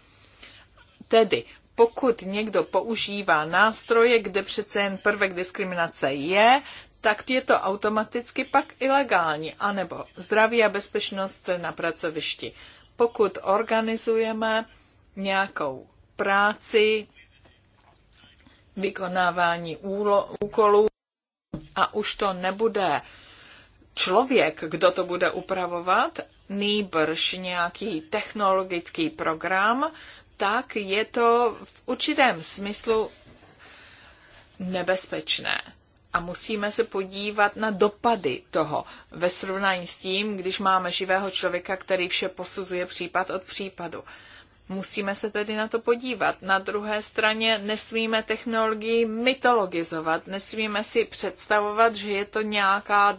Tedy pokud někdo používá nástroje, kde přece jen prvek diskriminace je, tak je to automaticky pak ilegální, anebo zdraví a bezpečnost na pracovišti. Pokud organizujeme nějakou práci, vykonávání úlo, úkolů a už to nebude člověk, kdo to bude upravovat, nýbrž nějaký technologický program, tak je to v určitém smyslu nebezpečné. A musíme se podívat na dopady toho ve srovnání s tím, když máme živého člověka, který vše posuzuje případ od případu. Musíme se tedy na to podívat. Na druhé straně nesmíme technologii mytologizovat, nesmíme si představovat, že je to nějaká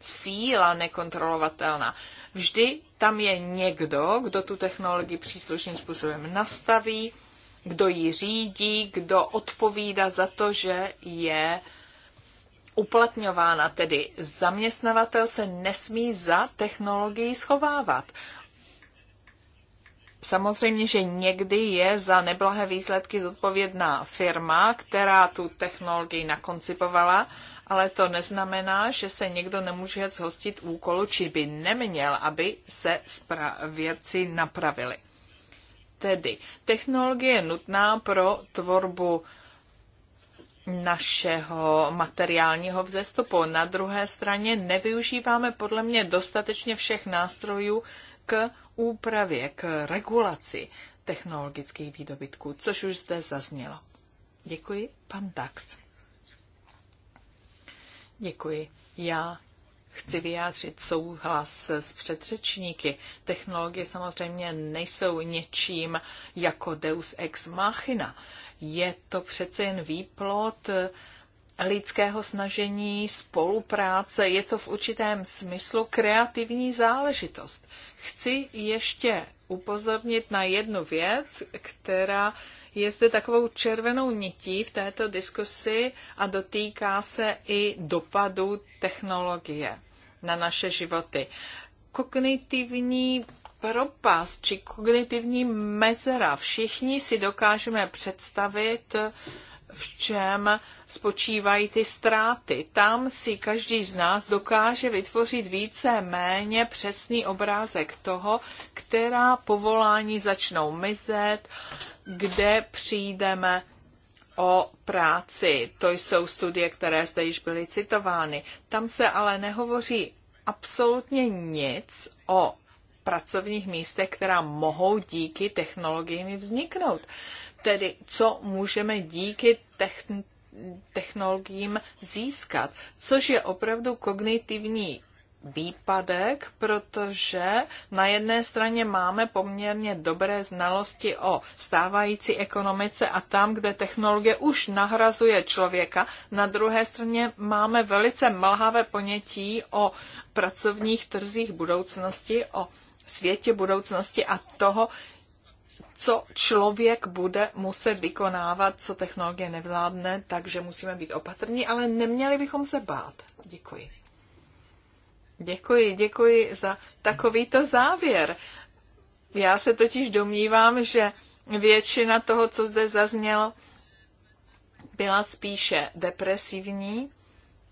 síla nekontrolovatelná. Vždy tam je někdo, kdo tu technologii příslušným způsobem nastaví, kdo ji řídí, kdo odpovídá za to, že je uplatňována. Tedy zaměstnavatel se nesmí za technologii schovávat. Samozřejmě, že někdy je za neblahé výsledky zodpovědná firma, která tu technologii nakoncipovala, ale to neznamená, že se někdo nemůže zhostit úkolu, či by neměl, aby se věci napravily. Tedy technologie je nutná pro tvorbu našeho materiálního vzestupu. Na druhé straně nevyužíváme podle mě dostatečně všech nástrojů k úpravě, k regulaci technologických výdobytků, což už zde zaznělo. Děkuji, pan Dax. Děkuji. Já chci vyjádřit souhlas s předřečníky. Technologie samozřejmě nejsou něčím jako deus ex machina. Je to přece jen výplot lidského snažení, spolupráce, je to v určitém smyslu kreativní záležitost. Chci ještě upozornit na jednu věc, která je zde takovou červenou nití v této diskusi a dotýká se i dopadu technologie na naše životy. Kognitivní propast či kognitivní mezera. Všichni si dokážeme představit v čem spočívají ty ztráty. Tam si každý z nás dokáže vytvořit více méně přesný obrázek toho, která povolání začnou mizet, kde přijdeme o práci. To jsou studie, které zde již byly citovány. Tam se ale nehovoří absolutně nic o pracovních místech, která mohou díky technologiím vzniknout. Tedy co můžeme díky techn- technologiím získat, což je opravdu kognitivní výpadek, protože na jedné straně máme poměrně dobré znalosti o stávající ekonomice a tam, kde technologie už nahrazuje člověka, na druhé straně máme velice mlhavé ponětí o pracovních trzích budoucnosti, o světě budoucnosti a toho, co člověk bude muset vykonávat, co technologie nevládne, takže musíme být opatrní, ale neměli bychom se bát. Děkuji. Děkuji, děkuji za takovýto závěr. Já se totiž domnívám, že většina toho, co zde zaznělo, byla spíše depresivní,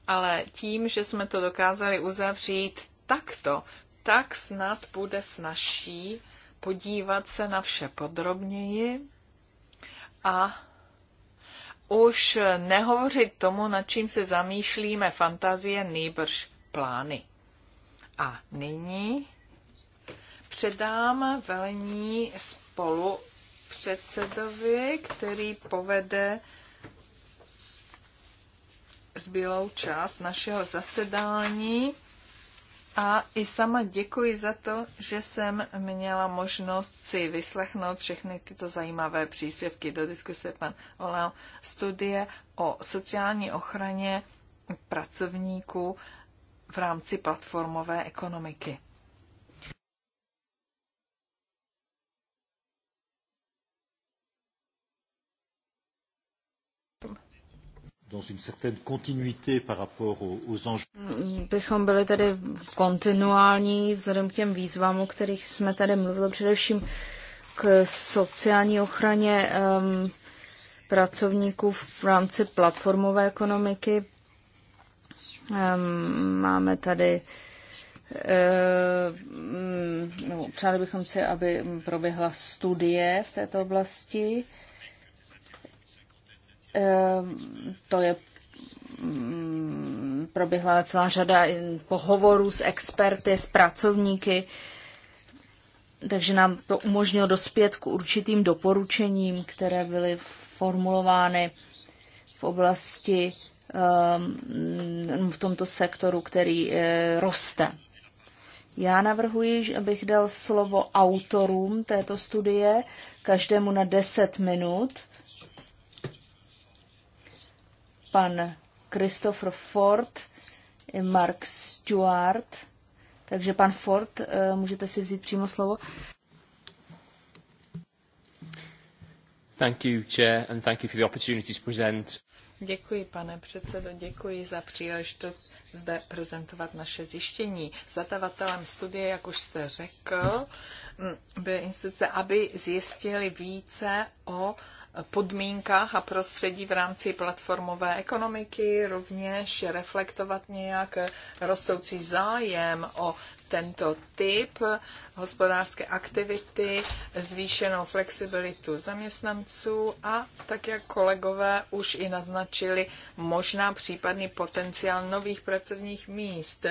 ale tím, že jsme to dokázali uzavřít takto, tak snad bude snažší podívat se na vše podrobněji a už nehovořit tomu, nad čím se zamýšlíme fantazie, nýbrž plány. A nyní předám velení spolu předsedovi, který povede zbylou část našeho zasedání a i sama děkuji za to, že jsem měla možnost si vyslechnout všechny tyto zajímavé příspěvky do diskuse pan Olan. Studie o sociální ochraně pracovníků v rámci platformové ekonomiky. Bychom byli tedy kontinuální vzhledem k těm výzvám, o kterých jsme tady mluvili, především k sociální ochraně um, pracovníků v rámci platformové ekonomiky. Um, máme tady um, no, přáli bychom si, aby proběhla studie v této oblasti. Eh, to je mm, proběhla celá řada pohovorů s experty, s pracovníky, takže nám to umožnilo dospět k určitým doporučením, které byly formulovány v oblasti ehm, v tomto sektoru, který eh, roste. Já navrhuji, abych dal slovo autorům této studie, každému na 10 minut – pan Christopher Ford, Mark Stewart. Takže pan Ford, eh, můžete si vzít přímo slovo. Thank you, Chair, and thank you for the opportunity to present. Děkuji, pane předsedo, děkuji za příležitost zde prezentovat naše zjištění. Zadavatelem studie, jak už jste řekl, byly instituce, aby zjistili více o podmínkách a prostředí v rámci platformové ekonomiky, rovněž reflektovat nějak rostoucí zájem o tento typ hospodářské aktivity, zvýšenou flexibilitu zaměstnanců a, tak jak kolegové už i naznačili, možná případný potenciál nových pracovních míst.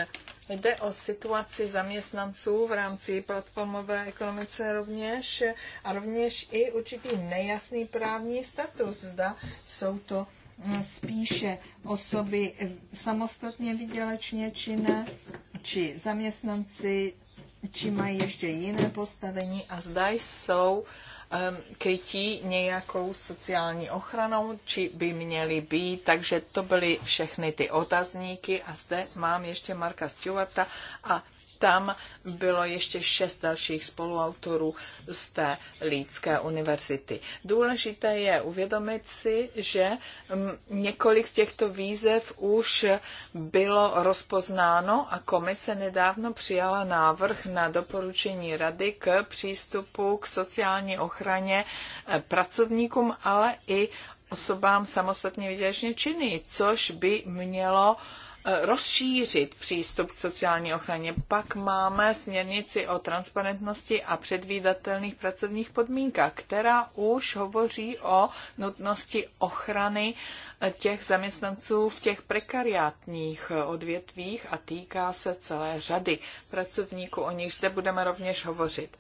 Jde o situaci zaměstnanců v rámci platformové ekonomice rovněž a rovněž i určitý nejasný právní status. Zda jsou to hm, spíše osoby eh, samostatně vydělečně činné či zaměstnanci, či mají ještě jiné postavení a zda jsou ehm, krytí nějakou sociální ochranou, či by měly být. Takže to byly všechny ty otazníky a zde mám ještě Marka Stewarta a tam bylo ještě šest dalších spoluautorů z té Lídské univerzity. Důležité je uvědomit si, že mm, několik z těchto výzev už bylo rozpoznáno a komise nedávno přijala návrh na doporučení rady k přístupu k sociální ochraně eh, pracovníkům, ale i osobám samostatně výdělečně činný, což by mělo uh, Eh, rozšířit přístup k sociální ochraně. Pak máme směrnici o transparentnosti a předvídatelných pracovních podmínkách, která už hovoří o nutnosti ochrany eh, těch zaměstnanců v těch prekariátních eh, odvětvích a týká se celé řady pracovníků, o nich zde budeme rovněž hovořit.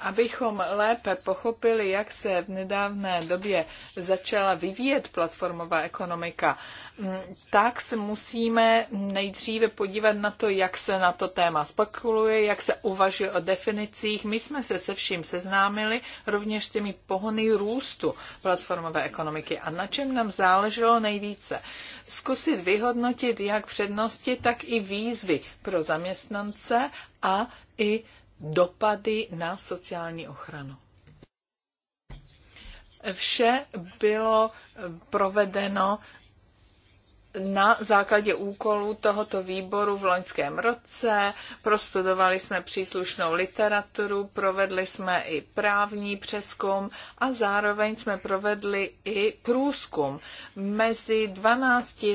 Abychom lépe pochopili, jak se v nedávné době začala vyvíjet platformová ekonomika, mm, tak se musíme nejdříve podívat na to, jak se na to téma spekuluje, jak se uvažuje o definicích. My jsme se se vším seznámili, rovněž s těmi pohony růstu platformové ekonomiky. A na čem nám záleželo nejvíce? Zkusit vyhodnotit jak přednosti, tak i výzvy pro zaměstnance a i dopady na sociální ochranu. Vše bylo provedeno na základě úkolů tohoto výboru v loňském roce. Prostudovali jsme příslušnou literaturu, provedli jsme i právní přeskum a zároveň jsme provedli i průzkum mezi 12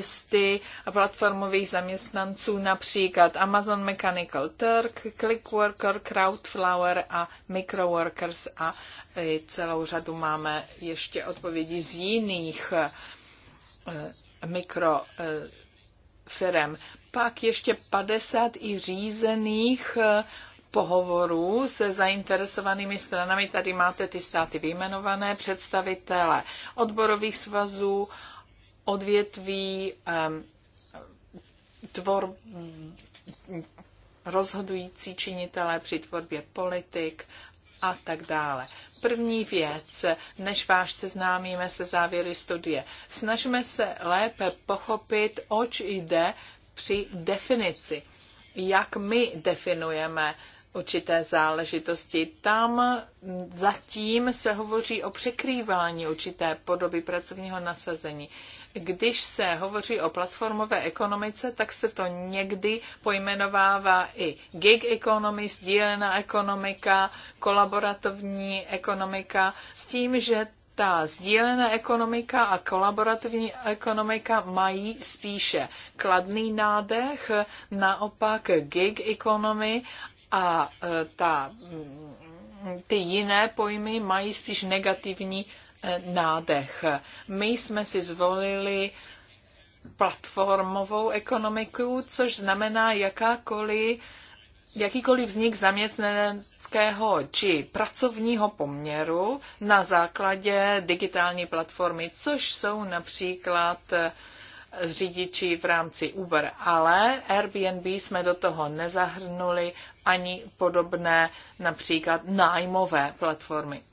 platformových zaměstnanců, například Amazon Mechanical Turk, Clickworker, Crowdflower a Microworkers a celou řadu máme ještě odpovědi z jiných eh, mikrofirem. Eh, Pak ještě 50 i řízených eh, pohovorů se zainteresovanými stranami. Tady máte ty státy vyjmenované, představitele odborových svazů, odvětví, tvor, rozhodující činitelé při tvorbě politik a tak dále. První věc, než váš seznámíme se závěry studie. Snažíme se lépe pochopit, oč jde při definici. Jak my definujeme určité záležitosti. Tam zatím se hovoří o překrývání určité podoby pracovního nasazení. Když se hovoří o platformové ekonomice, tak se to někdy pojmenovává i gig economy, sdílená ekonomika, kolaborativní ekonomika, s tím, že ta sdílená ekonomika a kolaborativní ekonomika mají spíše kladný nádech, naopak gig economy a e, ta, mm, ty jiné pojmy mají spíš negativní e, nádech. My jsme si zvolili platformovou ekonomiku, což znamená jakýkoliv vznik zaměstnaneckého či pracovního poměru na základě digitální platformy, což jsou například e, s řidiči v rámci Uber, ale Airbnb jsme do toho nezahrnuli ani podobné například nájmové platformy.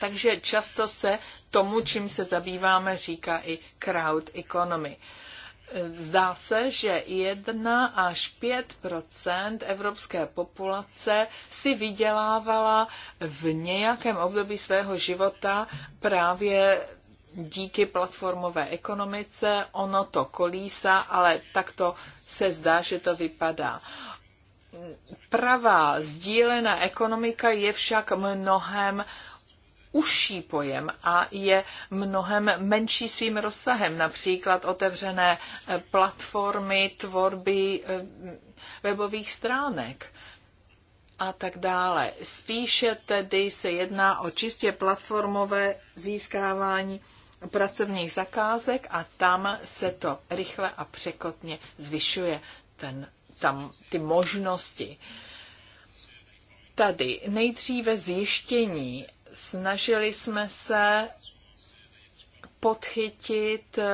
Takže často se tomu, čím se zabýváme, říká i crowd economy. Zdá se, že 1 až 5 evropské populace si vydělávala v nějakém období svého života právě díky platformové ekonomice, ono to kolísa, ale tak to se zdá, že to vypadá. Pravá sdílená ekonomika je však mnohem užší pojem a je mnohem menší svým rozsahem. Například otevřené eh, platformy tvorby eh, webových stránek a tak dále. Spíše tedy se jedná o čistě platformové získávání pracovních zakázek a tam se to rychle a překotně zvyšuje, ten, tam ty možnosti. Tady nejdříve zjištění. Snažili jsme se podchytit uh,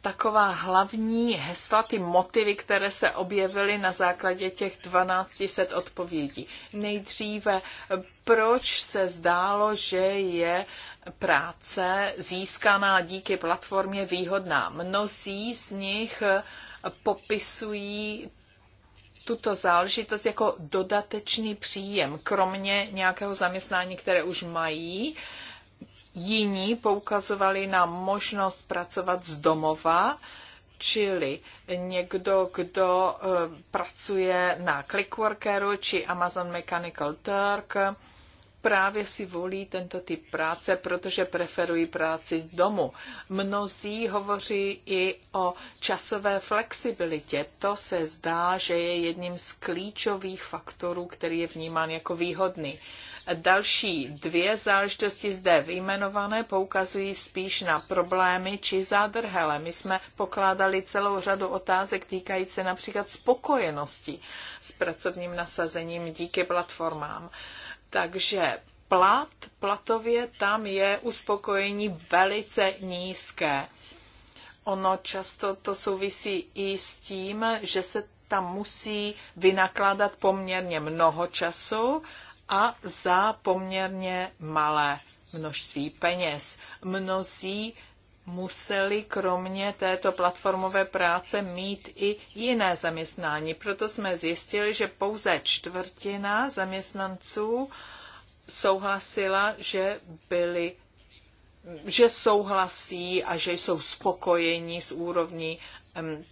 taková hlavní hesla, ty motivy, které se objevily na základě těch 1200 odpovědí. Nejdříve, proč se zdálo, že je práce získaná díky platformě výhodná. Mnozí z nich popisují tuto záležitost jako dodatečný příjem, kromě nějakého zaměstnání, které už mají. Uh, Jiní poukazovali na možnost pracovat z domova, čili někdo, kdo eh, pracuje na Clickworkeru či Amazon Mechanical Turk, právě si volí tento typ práce, protože preferují práci z domu. Mnozí hovoří i o časové flexibilitě. To se zdá, že je jedním z klíčových faktorů, který je vnímán jako výhodný. Další dvě záležitosti zde vyjmenované poukazují spíš na problémy či zádrhele. My jsme pokládali celou řadu otázek týkající například spokojenosti s pracovním nasazením díky platformám. Uh, takže plat, platově tam je uspokojení velice nízké. Ono často to souvisí i s tím, že se tam musí vynakládat poměrně mnoho času a za poměrně malé množství peněz. Mnozí museli kromě této platformové práce mít i jiné zaměstnání. Proto jsme zjistili, že pouze čtvrtina zaměstnanců souhlasila, že byli že souhlasí a že jsou spokojeni s úrovní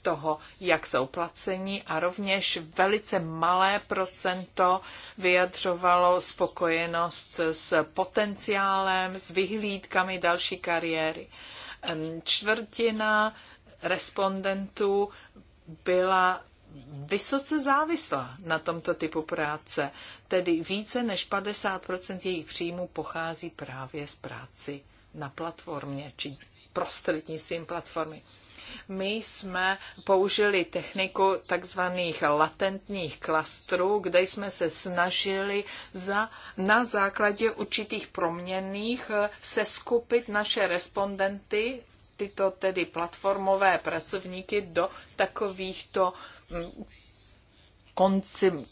toho, jak jsou placení a rovněž velice malé procento vyjadřovalo spokojenost s potenciálem, s vyhlídkami další kariéry čtvrtina respondentů byla vysoce závislá na tomto typu práce, tedy více než 50% jejich příjmu pochází právě z práci na platformě či prostřednictvím platformy. My jsme použili techniku takzvaných latentních klastrů, kde jsme se snažili za, na základě určitých proměnných eh, seskupit naše respondenty, tyto tedy platformové pracovníky, do takovýchto mm,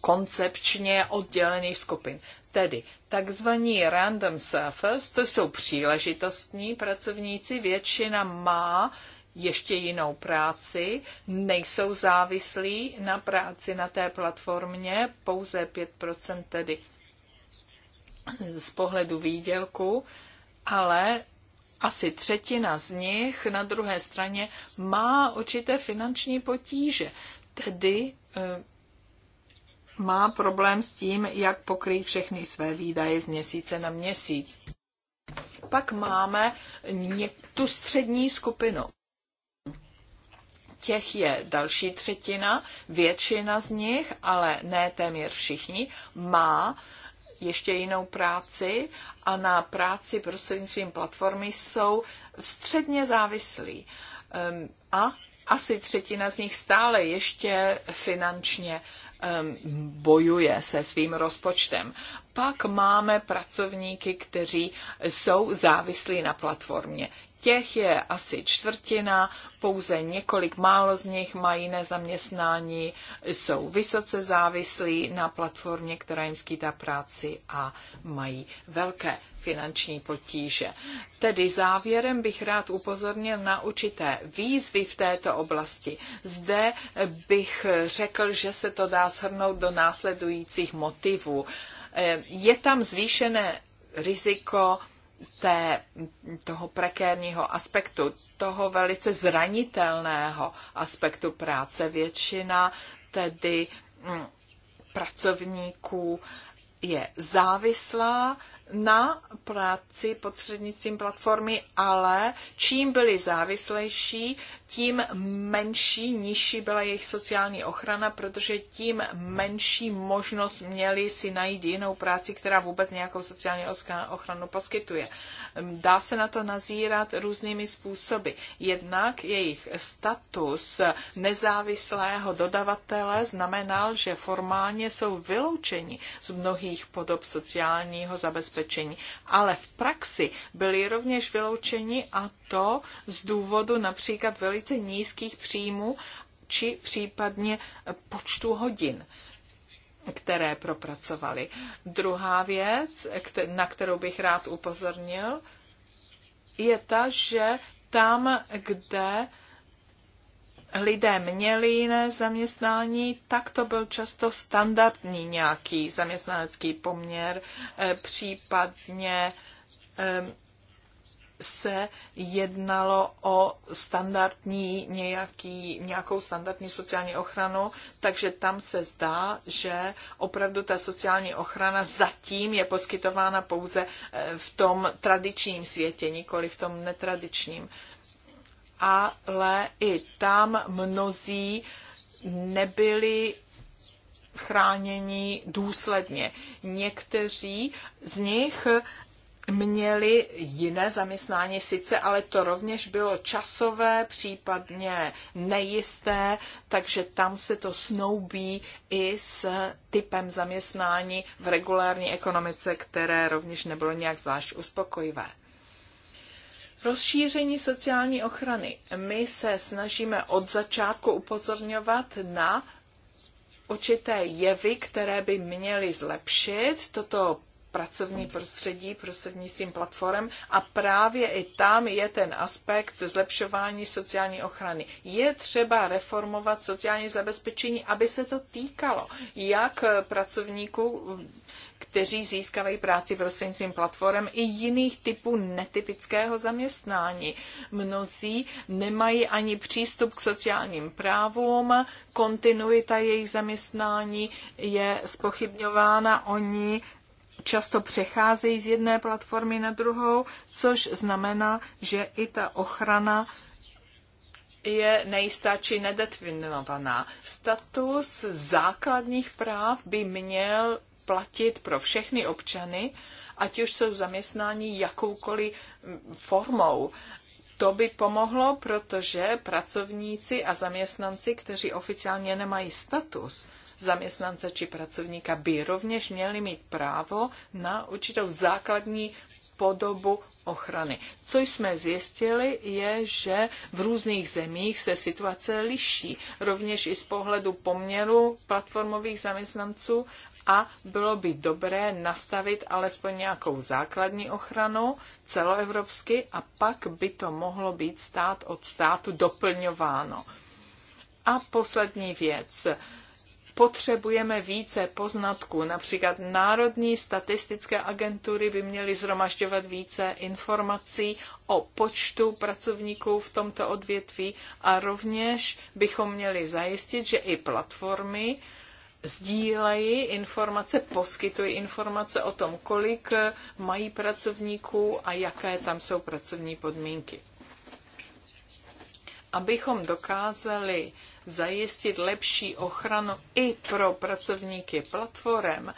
koncepčně oddělených skupin. Tedy takzvaní random surfers, to jsou příležitostní pracovníci, většina má ještě jinou práci, nejsou závislí na práci na té platformě, pouze 5% tedy z pohledu výdělku, ale asi třetina z nich na druhé straně má určité finanční potíže, tedy eh, má problém s tím, jak pokrýt všechny své výdaje z měsíce na měsíc. Pak máme tu střední skupinu těch je další třetina, většina z nich, ale ne téměř všichni, má ještě jinou práci a na práci prostřednictvím platformy jsou středně závislí. Ehm, a asi třetina z nich stále ještě finančně ehm, bojuje se svým rozpočtem. Pak máme pracovníky, kteří jsou závislí na platformě. Těch je asi čtvrtina, pouze několik málo z nich mají nezaměstnání, jsou vysoce závislí na platformě, která jim skýtá práci a mají velké finanční potíže. Tedy závěrem bych rád upozornil na určité výzvy v této oblasti. Zde bych řekl, že se to dá shrnout do následujících motivů. Je tam zvýšené riziko té, toho prekérního aspektu, toho velice zranitelného aspektu práce. Většina tedy mm, pracovníků je závislá na práci pod střednictvím platformy, ale čím byli závislejší, tím menší, nižší byla jejich sociální ochrana, protože tím menší možnost měli si najít jinou práci, která vůbec nějakou sociální ochranu poskytuje. Dá se na to nazírat různými způsoby. Jednak jejich status nezávislého dodavatele znamenal, že formálně jsou vyloučeni z mnohých podob sociálního zabezpečení zabezpečení. Ale v praxi byli rovněž vyloučeni a to z důvodu například velice nízkých příjmů či případně počtu hodin které propracovali. Druhá věc, na kterou bych rád upozornil, je ta, že tam, kde lidé měli jiné zaměstnání, tak to byl často standardní nějaký zaměstnanecký poměr, eh, případně ehm, se jednalo o standardní nějaký, nějakou standardní sociální ochranu, takže tam se zdá, že opravdu ta sociální ochrana zatím je poskytována pouze eh, v tom tradičním světě, nikoli v tom netradičním ale i tam mnozí nebyli chráněni důsledně. Někteří z nich měli jiné zaměstnání sice, ale to rovněž bylo časové, případně nejisté, takže tam se to snoubí i s typem zaměstnání v regulární ekonomice, které rovněž nebylo nějak zvlášť uspokojivé. Rozšíření sociální ochrany. My se snažíme od začátku upozorňovat na určité jevy, které by měly zlepšit toto pracovní prostředí prostřednictvím platform a právě i tam je ten aspekt zlepšování sociální ochrany. Je třeba reformovat sociální zabezpečení, aby se to týkalo jak pracovníků, kteří získávají práci prostřednictvím platform i jiných typů netypického zaměstnání. Mnozí nemají ani přístup k sociálním právům, kontinuita jejich zaměstnání je spochybňována, oni často přecházejí z jedné platformy na druhou, což znamená, že i ta ochrana je nejistá či nedetvinovaná. Status základních práv by měl platit pro všechny občany, ať už jsou zaměstnání jakoukoliv formou. To by pomohlo, protože pracovníci a zaměstnanci, kteří oficiálně nemají status, zaměstnance či pracovníka, by rovněž měli mít právo na určitou základní podobu ochrany. Co jsme zjistili, je, že v různých zemích se situace liší, rovněž i z pohledu poměru platformových zaměstnanců a bylo by dobré nastavit alespoň nějakou základní ochranu celoevropsky a pak by to mohlo být stát od státu doplňováno. A poslední věc potřebujeme více poznatků. Například Národní statistické agentury by měly zhromažďovat více informací o počtu pracovníků v tomto odvětví a rovněž bychom měli zajistit, že i platformy sdílejí informace, poskytují informace o tom, kolik mají pracovníků a jaké tam jsou pracovní podmínky. Abychom dokázali zajistit lepší ochranu i pro pracovníky platform,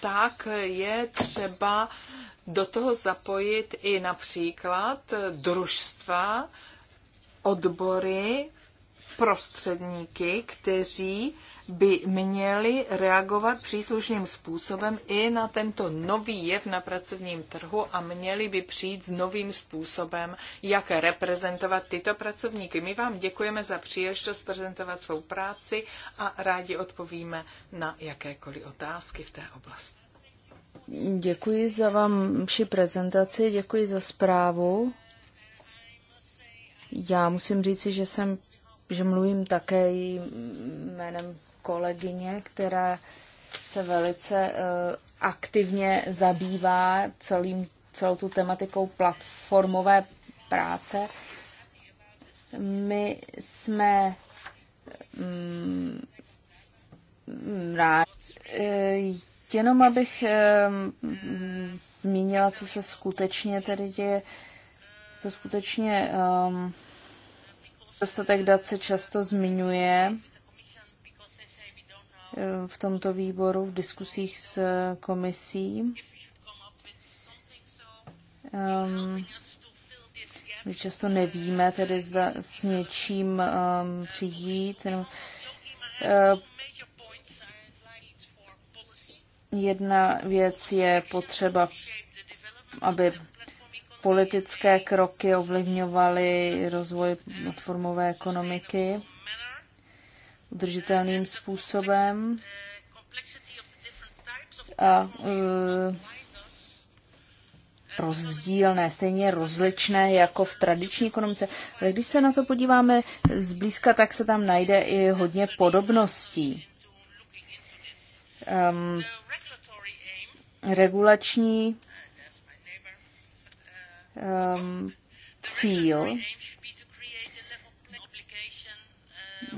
tak je třeba do toho zapojit i například družstva, odbory, prostředníky, kteří by měly reagovat příslušným způsobem i na tento nový jev na pracovním trhu a měly by přijít s novým způsobem, jak reprezentovat tyto pracovníky. My vám děkujeme za příležitost prezentovat svou práci a rádi odpovíme na jakékoliv otázky v té oblasti. Děkuji za vám vši prezentaci, děkuji za zprávu. Já musím říci, že jsem, že mluvím také jménem kolegyně, která se velice eh, aktivně zabývá celým, celou tu tematikou platformové práce. My jsme mm, rádi. Eh, jenom abych eh, zmínila, co se skutečně tedy děje. To skutečně um, dostatek dat se často zmiňuje Eh, v tomto výboru v diskusích s komisí. Um, my často nevíme, tedy zda s něčím um, přijít. Eh, jedna věc je potřeba, aby politické kroky ovlivňovaly rozvoj platformové ekonomiky udržitelným způsobem. A uh, rozdílné, stejně rozličné jako v tradiční ekonomice. Ale když se na to podíváme zblízka, tak se tam najde i hodně podobností. Um, regulační um, cíl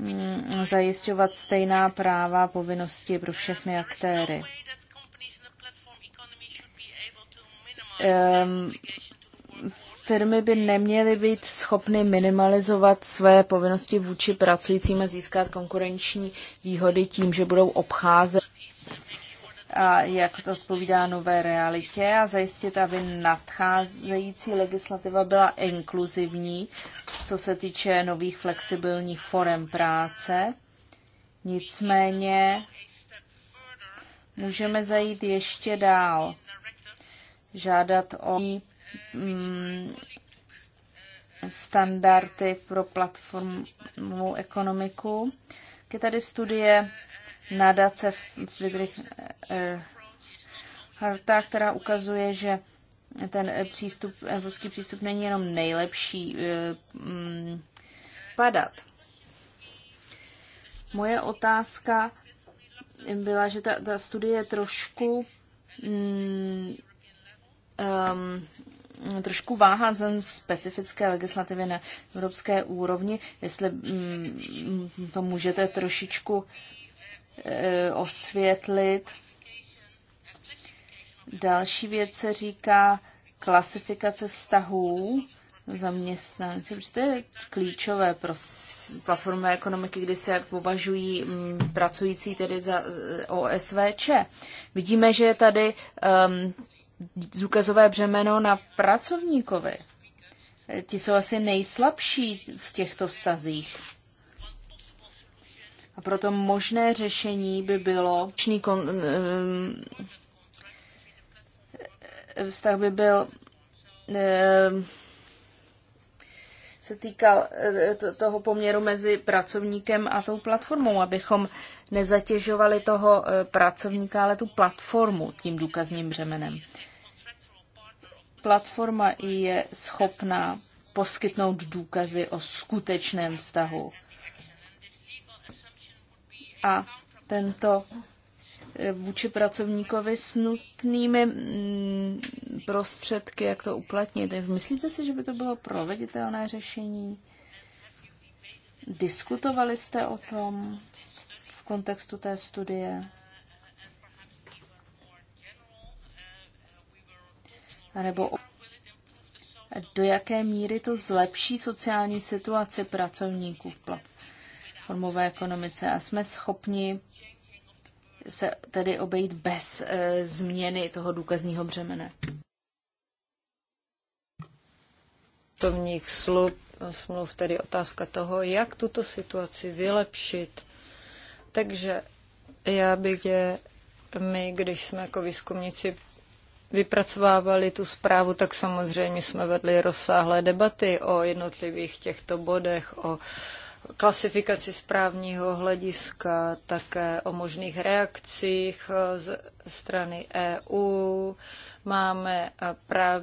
Mm, zajišťovat stejná práva a povinnosti pro všechny aktéry. Um, firmy by neměly být schopny minimalizovat své povinnosti vůči pracujícím a získat konkurenční výhody tím, že budou obcházet a jak to odpovídá nové realitě a zajistit, aby nadcházející legislativa byla inkluzivní, co se týče nových flexibilních forem práce. Nicméně můžeme zajít ještě dál, žádat o mm, standardy pro platformovou ekonomiku. Je tady studie nadace Friedrich eh, eh, Harta, která ukazuje, že ten přístup, evropský přístup není jenom nejlepší eh, mm, padat. Moje otázka byla, že ta, ta studie trošku um, trošku váhá vzhledem specifické legislativy na evropské úrovni, jestli um, to můžete trošičku Eh, osvětlit. Další věc se říká klasifikace vztahů zaměstnanci, protože to je klíčové pro platformy ekonomiky, kdy se považují mm, pracující tedy za eh, OSVČ. Vidíme, že je tady um, ehm, zůkazové břemeno na pracovníkovi. Eh, ti jsou asi nejslabší v těchto vztazích a proto možné řešení by bylo, vztah by byl se týkal eh, toho poměru mezi pracovníkem a tou platformou, abychom nezatěžovali toho eh, pracovníka, ale tu platformu tím důkazním břemenem. Platforma je schopná poskytnout důkazy o skutečném vztahu a tento eh, vůči pracovníkovi s nutnými mm, prostředky, jak to uplatnit. Myslíte si, že by to bylo proveditelné řešení? Diskutovali jste o tom v kontextu té studie? A nebo do jaké míry to zlepší sociální situaci pracovníků v platformové ekonomice a jsme schopni se tedy obejít bez e, změny toho důkazního břemene. Tomních slub, smluv, tedy otázka toho, jak tuto situaci vylepšit. Takže já bych je, my, když jsme jako výzkumníci vypracovávali tu zprávu, tak samozřejmě jsme vedli rozsáhlé debaty o jednotlivých těchto bodech, o uh, klasifikaci správního hlediska, také o možných reakcích eh, z strany EU. Máme eh, práv,